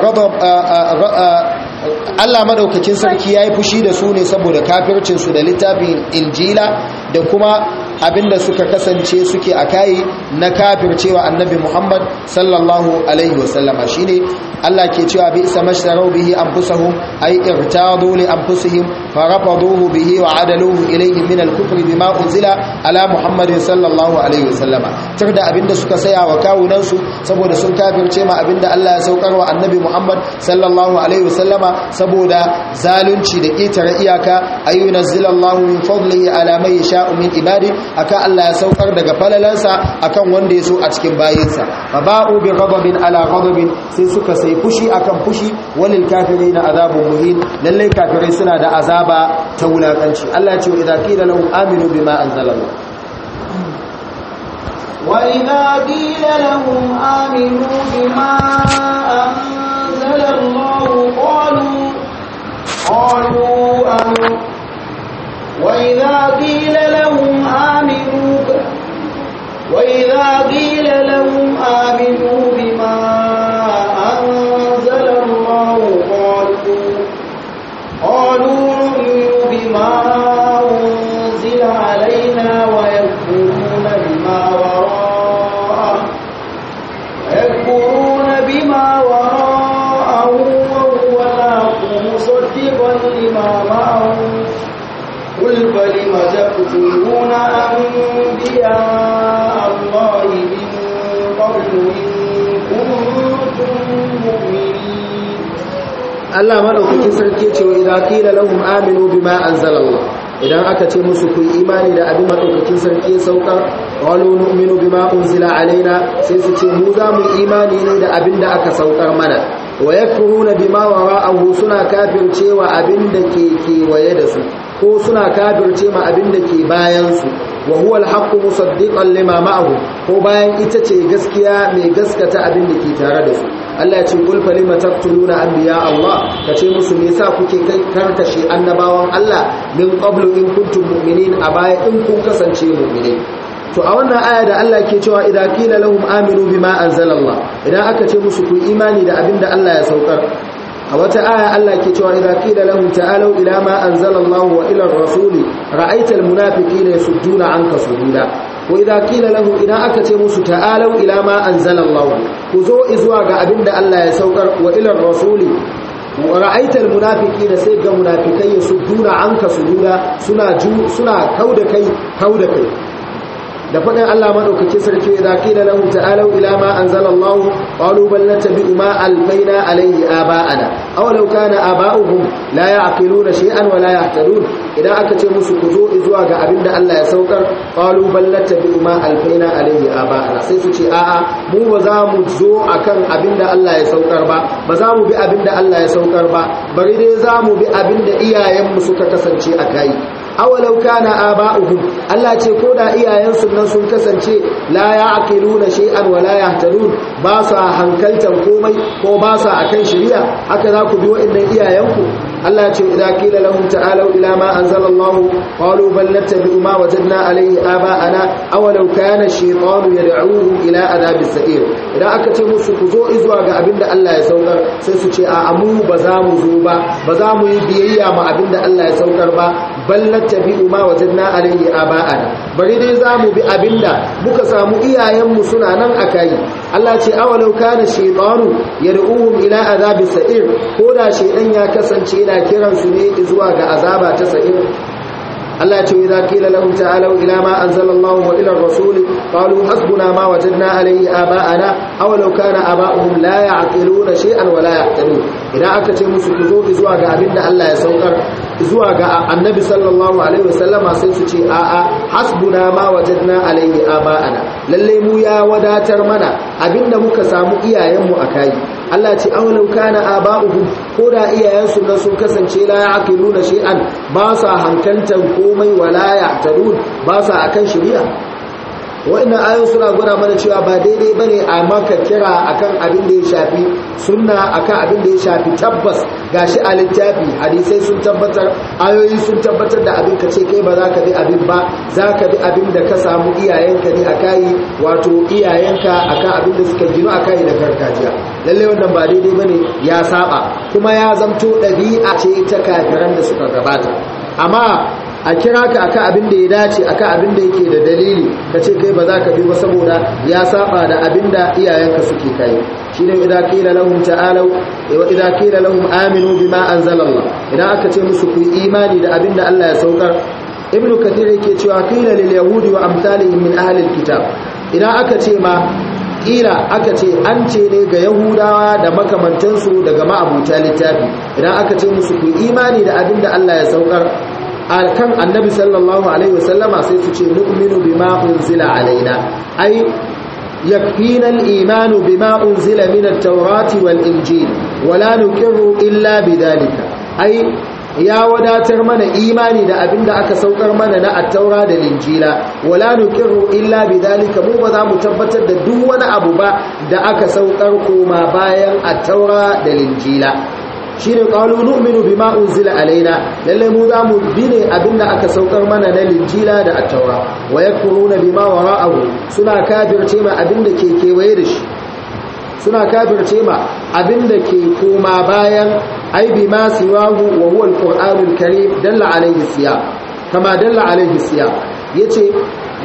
Allah madaukakin sarki yayi fushi da su ne saboda kafircin su da littafin injila da kuma abinda suka kasance suke a kai na kafir cewa annabi muhammad sallallahu alaihi wasallama shi ne allah ke cewa bi isa mashtarau bihi an fusahun ai irtado dole an fusihim farafaduhu bihi wa adaluhu ilaihi min alkufri bi ma unzila ala muhammadin sallallahu alaihi wasallama tar da abinda suka saya wa kawunansu saboda sun kafirce ma abinda allah ya saukar wa annabi muhammad sallallahu alaihi wasallama saboda zalunci da ƙetare iyaka ayyunazzilallahu min fadlihi ala mai sha'u min ibadi akan Allah ya saukar daga falalansa akan wanda ya so a cikin bayinsa fa ba'u bi ghadabin ala ghadabin sai suka sai fushi akan fushi walil kafirin azabun muhin lalle kafirai suna da azaba ta wulakanci Allah ya ce idza qila lahum aminu bima anzalallahu وإذا قيل لهم آمنوا بما أنزل الله qalu قالوا أن وإذا قيل لهم وإذا قيل لهم آمنوا بما أنزل الله قالوا قالوا بما Allah madaukakin sarki ce wa idza kila lahum aminu bima anzalallah idan aka ce musu ku imani da abin madaukakin sarki ya sauka qalu nu'minu bima unzila alaina sai su ce mu za mu imani ne da abin da aka saukar mana wa yakfuruna bima wara'ahu suna kafircewa abin da ke kewaye da su ko suna kafirce ma abin da ke bayan su wa huwa alhaq musaddiqan lima ma'ahu ko bayan ita ce gaskiya mai gaskata abin da ke tare da su Allah ya ce kul fa lima taqtuluna anbiya Allah ce musu me yasa kuke kai karkashe annabawan Allah min qablu in kuntum mu'minin a baya in kun kasance mu'mini to a wannan aya da Allah ke cewa idza qila lahum aminu bima anzalallah idan aka ce musu ku imani da abinda Allah ya saukar a wata aya Allah ke cewa idza qila lahum ta'alu ila ma anzalallahu wa ila ar-rasuli ra'aita al-munafiqina yasudduna anka sujuda wa idza qila lahu idan aka ce musu ta'alu ila ma anzalallahu ku zo izuwa ga abinda Allah ya saukar wa ila rasuli wa ra'aita da sai ga munafikai yasudduna anka sududa suna ju suna kauda kai kauda kai da faɗin Allah maɗaukacin sarki zaki da lahu ta'ala ila ma anzala Allah qalu bal natabi'u ma albayna alayhi aba'ana aw law kana aba'uhum la ya'qiluna shay'an wa la yahtadun idan aka ce musu ku zo zuwa ga abinda Allah ya saukar qalu bal natabi'u ma albayna alayhi aba'ana sai su ce a'a mu ba za mu zo akan abinda Allah ya saukar ba ba za mu bi abinda Allah ya saukar ba bari dai za mu bi abinda iyayen mu suka kasance a kai awalau kana aba'uhum Allah ce ko da iyayensu nan sun kasance la ya'qiluna shay'an wa la yahtadun ba sa hankaltan komai ko ba sa akan shari'a haka za ku bi wa'annan iyayenku Allah ce idza kila lahum ta'alu ila ma anzala Allah qalu bal nattabi'u ma wajadna alayhi aba'ana aw law kana shaytanu yad'uhu ila adab as-sa'ir idan aka ce musu ku zo izuwa ga abinda Allah ya saukar sai su ce a amu ba za mu zo ba ba za mu yi biyayya ma abinda Allah ya saukar ba bal nattabi'u ma wajadna alayhi aba'ana bari dai za mu bi abinda muka samu iyayenmu suna nan akai Allah ce law kana shaytanu yad'uhum ila adab as-sa'ir ko da shaytan ya kasance yana yana kiran su ne zuwa ga azaba ta sa'in Allah ce idza qila lahum ta'alu ila ma anzalallahu wa ila ar-rasul qalu hasbuna ma wajadna alayhi aba'ana aw law kana aba'uhum la ya'qiluna shay'an wa la yahtadun idan aka ce musu ku zo zuwa ga abinda Allah ya saukar zuwa ga annabi sallallahu alaihi wasallama sai su ce a'a hasbuna ma wajadna alaihi aba'ana lalle mu ya wadatar mana abinda muka samu iyayenmu a kai Allah ce law kana aba'uhum ko da iyayensu na sun kasance la ya'qiluna shay'an ba sa hankantan komai wala ya'tadun ba sa akan shari'a wannan ayoyin suna gwada mana cewa ba daidai bane a maka kira akan abin da ya shafi sunna akan abin da ya shafi tabbas gashi a littafi hadisai sun tabbatar ayoyi sun tabbatar da abin ka ce kai ba za ka bi abin ba za ka bi abin da ka samu iyayenka ne a kayi wato iyayenka akan abin da suka gino a kayi da gargajiya lalle wannan ba daidai bane ya saba kuma ya zamto ɗabi'a ce ta kafiran da suka gabata amma a kira ka akan abin da ya dace akan abin da yake da dalili ka ce kai ba za ka bi ba saboda ya saba da abin da iyayenka suke kai Shi ne idan kila lahum ta'alu wa idan kila lahum aminu bima anzalallah idan aka ce musu ku imani da abin da Allah ya saukar ibnu kathir yake cewa kila lil yahudi wa amsalihim min ahli alkitab idan aka ce ma kila aka ce an ce ne ga yahudawa da makamantansu daga ma'abuta littafi idan aka ce musu ku imani da abin da Allah ya saukar kan annabi sallallahu alaihi wasallama sai su ce nu'minu bima unzila alaina ai yakfina al-imanu bima unzila min at-taurati wal-injil wala nuqirru illa bidhalika ai ya wadatar mana imani da abin da aka saukar mana na attaura da linjila wala nuqirru illa bidhalika mu ba za mu tabbatar da duk wani abu ba da aka saukar koma bayan attaura da linjila shine qalu nu'minu bima unzila alaina lalle mu za mu bi ne abinda aka saukar mana na lijila da attaura wa yakfuruna bima wara'ahu suna kafirce ma abinda ke kewaye da shi suna kafirce ma abinda ke koma bayan ai bima siwahu wa huwa alqur'anul karim dalla alayhi siya kama dalla alayhi siya yace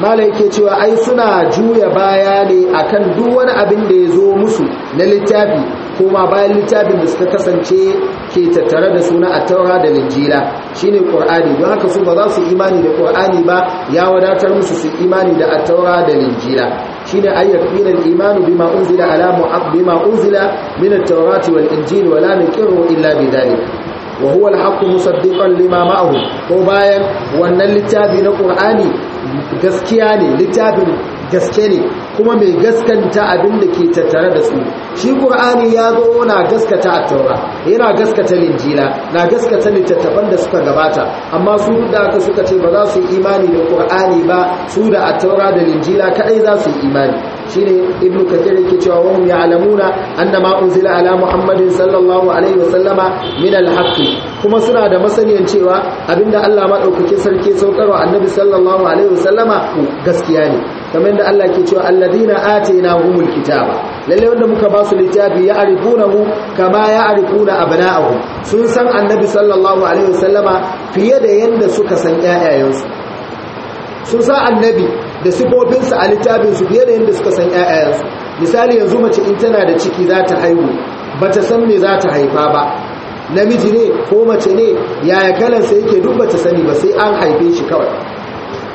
malai ke cewa ai suna juya baya ne akan duk wani abin da ya zo musu na littafi kuma bayan littafin da suka kasance ke tattare da suna a taura da linjila shine qur'ani don haka su ba za su imani da qur'ani ba ya wadatar musu su imani da a taura da linjila shine ne al-iman bima unzila ala mu'ab bima unzila min taurati wal injil wala nuqiru illa bidhalik wa huwa al-haqqu musaddiqan lima ma'ahu ko bayan wannan littafi na ƙur'ani, gaskiya ne littafin gaske ne kuma mai gaskanta abin da ke tattare da su shi ƙur'ani ya zo na gaskata a taura yana gaskata linjila na gaskata littattafan da suka gabata amma su da aka suka ce ba za su yi imani da ƙur'ani ba su da a taura da linjila kaɗai za su yi imani Shi ne Ibn kathir yake cewa wa hum ya'lamuna Annama ma unzila ala muhammadin sallallahu alaihi wa sallama min al kuma suna da masaniyan cewa abinda Allah ɗaukake, sarki saukarwa annabi sallallahu alaihi wa sallama gaskiya ne kamar da Allah ke cewa alladina humul kitaba lalle wanda muka ba su littafi ya mu kama ya arifuna abna'ahu sun san annabi sallallahu alaihi wasallama fiye da yanda suka san ƴaƴayensu sun san annabi da sifofinsa a littafin su fiye da yanda suka san ƴaƴayensu misali yanzu mace in tana da ciki za ta haihu bata san me za ta haifa ba namiji ne ko mace ne yaya kalansa yake duk bata sani ba sai an haife shi kawai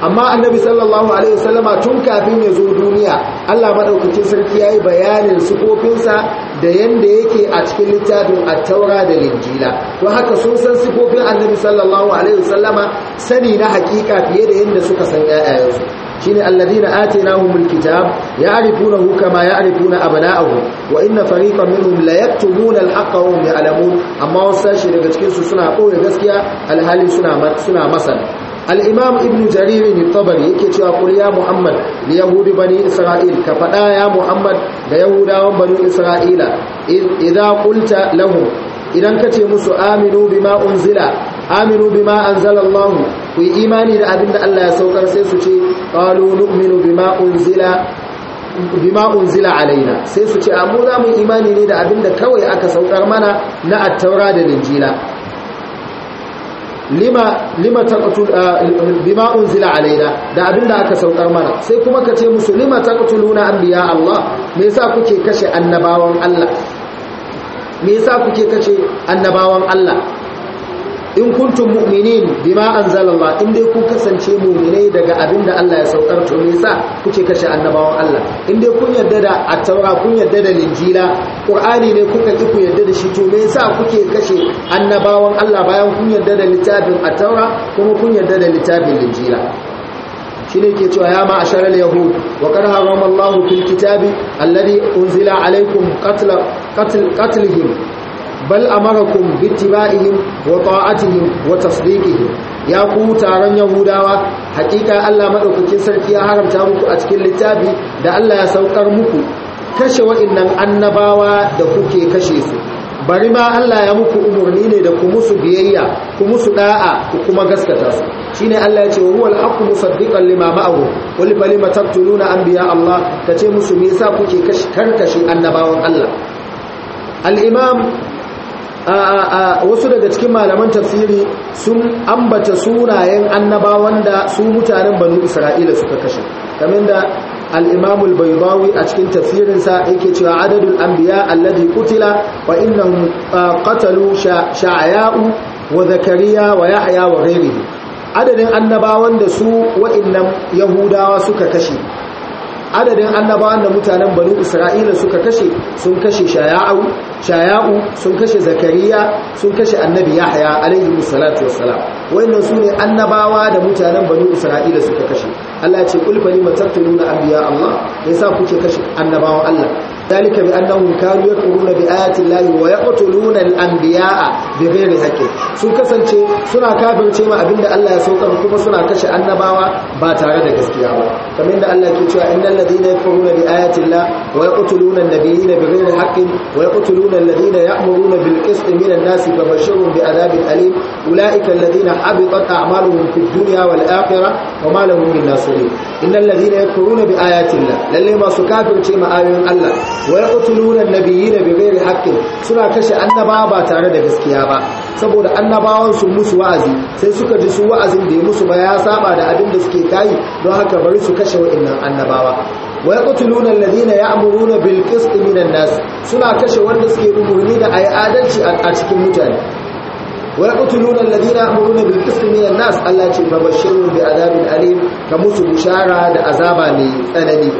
amma annabi sallallahu alaihi wasallama tun kafin ya zo duniya Allah madaukakin sarki yayi bayanin sifofinsa da yanda yake a cikin littafin at-taura da linjila to haka sun san sifofin annabi sallallahu alaihi wasallama sani na hakika fiye da yanda suka san ƴaƴayensu shine alladhina atainahumul kitab ya'rifunahu kama ya'rifuna abna'ahum wa inna fariqan minhum la yaktumuna al-haqqa wa hum ya'lamun amma wasu shi daga cikin su suna koyi gaskiya alhali suna suna masana al-imam ibn jarir ibn tabari yake cewa qul ya muhammad li yahudi bani isra'il ka fada ya muhammad da yahudawan bani isra'ila idza qulta lahum idan kace musu aminu bima unzila aminu bima anzalallahu ku yi imani da da Allah ya saukar sai su ce bima unzila alaina sai su ce amma za mu imani ne da abinda kawai aka saukar mana na Attaura da linjila lima lima uh, bima unzila alaina da abinda aka saukar mana sai kuma ka ce musu lima taqtuluna anbiya Allah me yasa kuke kashe annabawan Allah me yasa kuke kashe annabawan Allah in kuntum mu'minin bima anzalallah in dai kun kasance mu'minai daga abin da Allah ya saukar to me yasa kuke kashe annabawan Allah in dai kun yarda da at-taura kun yarda da injila qur'ani ne kuka ki ku yarda da shi to me yasa kuke kashe annabawan Allah bayan kun yarda da littafin at-taura kuma kun yarda da littafin injila shine ke cewa ya ma'asharal yahud wa qad harama fil kitabi alladhi unzila alaykum qatl qatl qatlihim bal amarakum bittiba'ihim wa ta'atihim wa tasdiqihim ya ku taron yahudawa hakika Allah madaukakin sarki ya haramta muku a cikin littafi da Allah ya saukar muku kashe wa'annan annabawa da kuke kashe su bari ma Allah ya muku umarni ne da ku musu biyayya ku musu da'a ku kuma gaskata su shine Allah ya ce wa huwal haqqu musaddiqan lima ma'ahu qul falima taqtuluna anbiya Allah kace musu me yasa kuke karkashe annabawan Allah al-imam wasu daga cikin malaman tafsiri sun ambata sunayen annabawan da su mutanen banu isra'ila suka kashe kamar da al-imam al a cikin tafsirinsa yake cewa adadul anbiya alladhi Kutila, wa innahum qatalu sha'ya'u wa zakariya wa yahya wa ghayrihi adadin annabawan da su Wa'innan yahudawa suka kashe adadin annabawan da mutanen banu isra'ila suka kashe sun kashe shaya'u shaya'u sun kashe zakariya sun kashe annabi yahya alaihi salatu wassalam wannan su ne annabawa da mutanen banu isra'ila suka kashe Allah ya ce kulfa lima taqtuluna anbiya Allah yasa kuke kashe annabawan Allah ذلك بأنهم كانوا يكفرون بآيات الله ويقتلون الأنبياء بغير حق sun kasance suna kafirce ma abinda Allah ya saukar kuma suna kashe annabawa ba tare da gaskiya ba kamar yadda Allah ke cewa innal ladina yakfuruna bi ayati Allah wa yaqtuluna an-nabiyina bighayri haqqin wa yaqtuluna alladhina ya'muruna bil qisti minan nasi fabashshirhum bi adhabin alim ulaika alladhina habitat a'maluhum fid dunya wal akhirah wa ma lahum min nasirin innal ladina yakfuruna bi ayati Allah lalle ma su kafirce ma ayoyin Allah wa yaqtuluna an-nabiyina bighairi haqqin suna kashe annabawa ba tare da gaskiya ba saboda annabawan su musu wa'azi sai suka ji su wa'azin da ya musu ba ya saba da abin da suke kai don haka bari su kashe wa'annan annabawa wa yaqtuluna alladhina ya'muruna bil qist Iminan nas suna kashe wanda suke umurni da ayi adalci a cikin mutane wa yaqtuluna alladhina ya'muruna bil qist Iminan nas Allah ce babashirun bi adabin alim musu bushara da azaba mai tsanani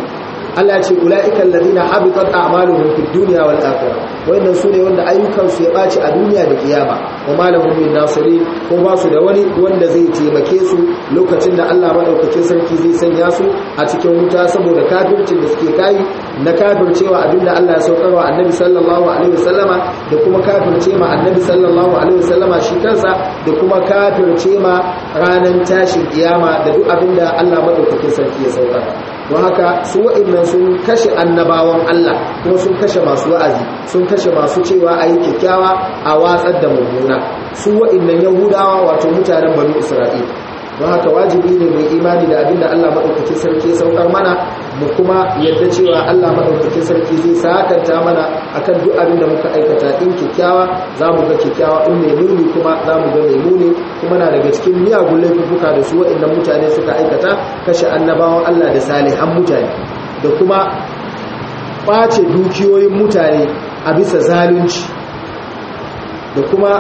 Allah ce ula'ikan allazina habitat a'maluhum fid dunya wal akhirah wannan sune wanda ayyukansu ya baci a duniya da kiyama wa malahum min nasirin ko ba su da wani wanda zai taimake su lokacin da Allah madaukakin sarki zai sanya su a cikin wuta saboda kafircin da suke kai na kafircewa abinda Allah ya saukarwa annabi sallallahu alaihi wasallama da kuma kafirce ma annabi sallallahu alaihi wasallama shi kansa da kuma kafirce ma ranar tashin kiyama da duk abinda Allah madaukakin sarki ya saukar don haka su wa'annan sun kashe annabawan Allah kuma sun kashe masu wa'azi sun kashe masu cewa a yi kyakkyawa a watsar da mummuna su nan yahudawa wato mutanen banu isra'ila don haka wajibi ne mai imani da abinda da Allah maɗaukakin sarki saukar mana mu kuma yadda cewa Allah maɗaukakin sarki zai sakanta mana akan duk abin da muka aikata in kyakkyawa za mu ga kyakkyawa in mai muni kuma za mu ga mai muni kuma na daga cikin miyagun laifuka da su waɗannan mutane suka aikata kashe annabawan Allah da salihan mutane da kuma ɓace dukiyoyin mutane a bisa zalunci da kuma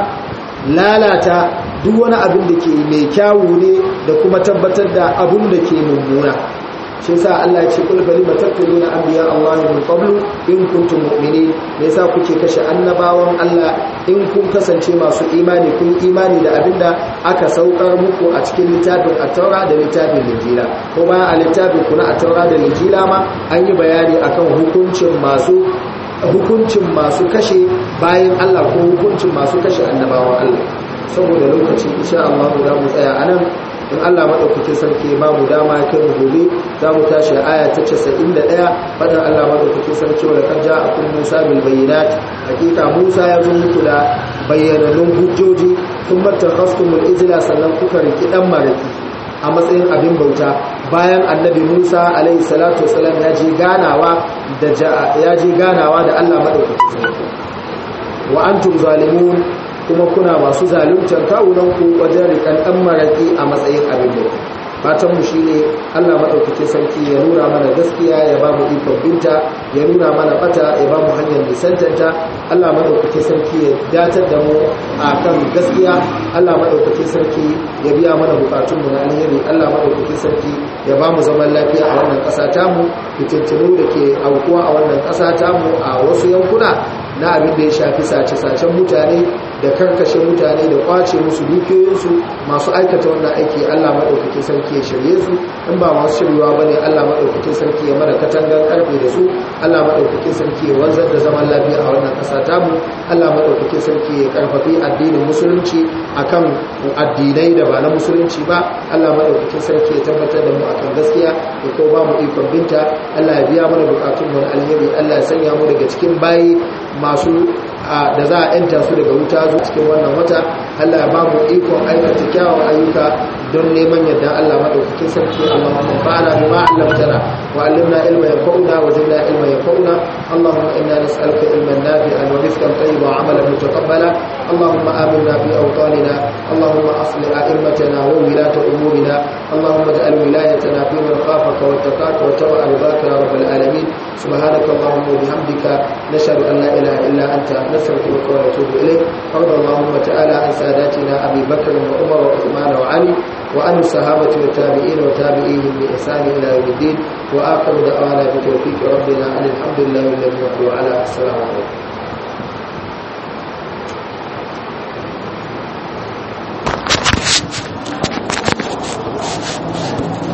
lalata duk wani abin da ke mai kyawu ne da kuma tabbatar da abin da ke mummuna shi yasa Allah ya ce kul bali matattaluna anbiya Allah min qablu in kuntum mu'mini me yasa kuke kashe annabawan Allah in kun kasance masu imani kun imani da abin da aka saukar muku a cikin littafin at-taura da littafin injila kuma a littafin kuna at-taura da injila ma an yi bayani akan hukuncin masu hukuncin masu kashe bayan Allah ko hukuncin masu kashe annabawan Allah saboda lokaci insha Allah za mu tsaya a nan in Allah madaukakin sarki ba mu dama kai mu gobe za mu tashi a aya ta 91 fadan Allah madaukakin sarki wa ja a min sabil bayyinat hakika Musa ya zo muku da bayyanannun hujjoji kun batta qastumul izla sannan kuka riki dan maraki a matsayin abin bauta bayan annabi Musa alaihi salatu wasalam ya je ganawa da ya je ganawa da Allah madaukakin sarki wa antum zalimun kuma kuna masu zaluntar ku wajen rikan ɗan maraƙi a matsayin abin da fatan mu shine Allah maɗaukake sarki ya nura mana gaskiya ya ba mu ikon binta ya nura mana bata ya ba mu hanyar nisantanta Allah maɗaukake sarki ya datar da mu a kan gaskiya Allah maɗaukake sarki ya biya mana bukatun mu na alheri Allah maɗaukake sarki ya ba mu zaman lafiya a wannan ƙasa mu fitintinu da ke aukuwa a wannan ƙasa tamu a wasu yankuna na abin da ya shafi sace-sacen mutane da karkashe mutane da kwace musu dukiyoyinsu masu aikata wannan aiki Allah maɗaukakin sarki ya shirye su in ba masu shiryuwa ne Allah maɗaukakin sarki ya mara katangar karfe da su Allah maɗaukakin sarki ya wanzar da zaman lafiya a wannan ƙasa tamu Allah maɗaukakin sarki ya karfafi addinin musulunci a kan addinai da ba na musulunci ba Allah maɗaukakin sarki ya tabbatar da mu a kan gaskiya da ko ba mu ikon binta Allah ya biya mana bukatun wani alheri Allah ya sanya mu daga cikin bayi masu da za a yanta su daga wuta zuwa cikin wannan wata Allah ya ba mu ikon aikata kyawun ayyuka don neman yadda Allah madaukakin sarki Allahumma fa'ala bima 'allamtana wa 'allimna ilma yanfa'una wa zidna ilma yanfa'una Allahumma inna nas'aluka ilman nafi'an wa rizqan tayyiban wa 'amalan mutaqabbala Allahumma amina fi awtanina Allahumma aslih a'immatana wa wulata umurina Allahumma ja'al wilayatana fi man wa taqaka wa tawa al bakra ya rabbal alamin subhanaka Allahumma wa bihamdika nashhadu an la ilaha illa anta nastaghfiruka wa natubu ilayk Allahumma ta'ala an sadatina Abi Bakr wa Umar wa Uthman wa Ali وعن الصحابة والتابعين وتابعيهم بإحسان إلى يوم الدين وآخر دعوانا بتوفيق ربنا أن الحمد لله الذي نقول على السلام عليكم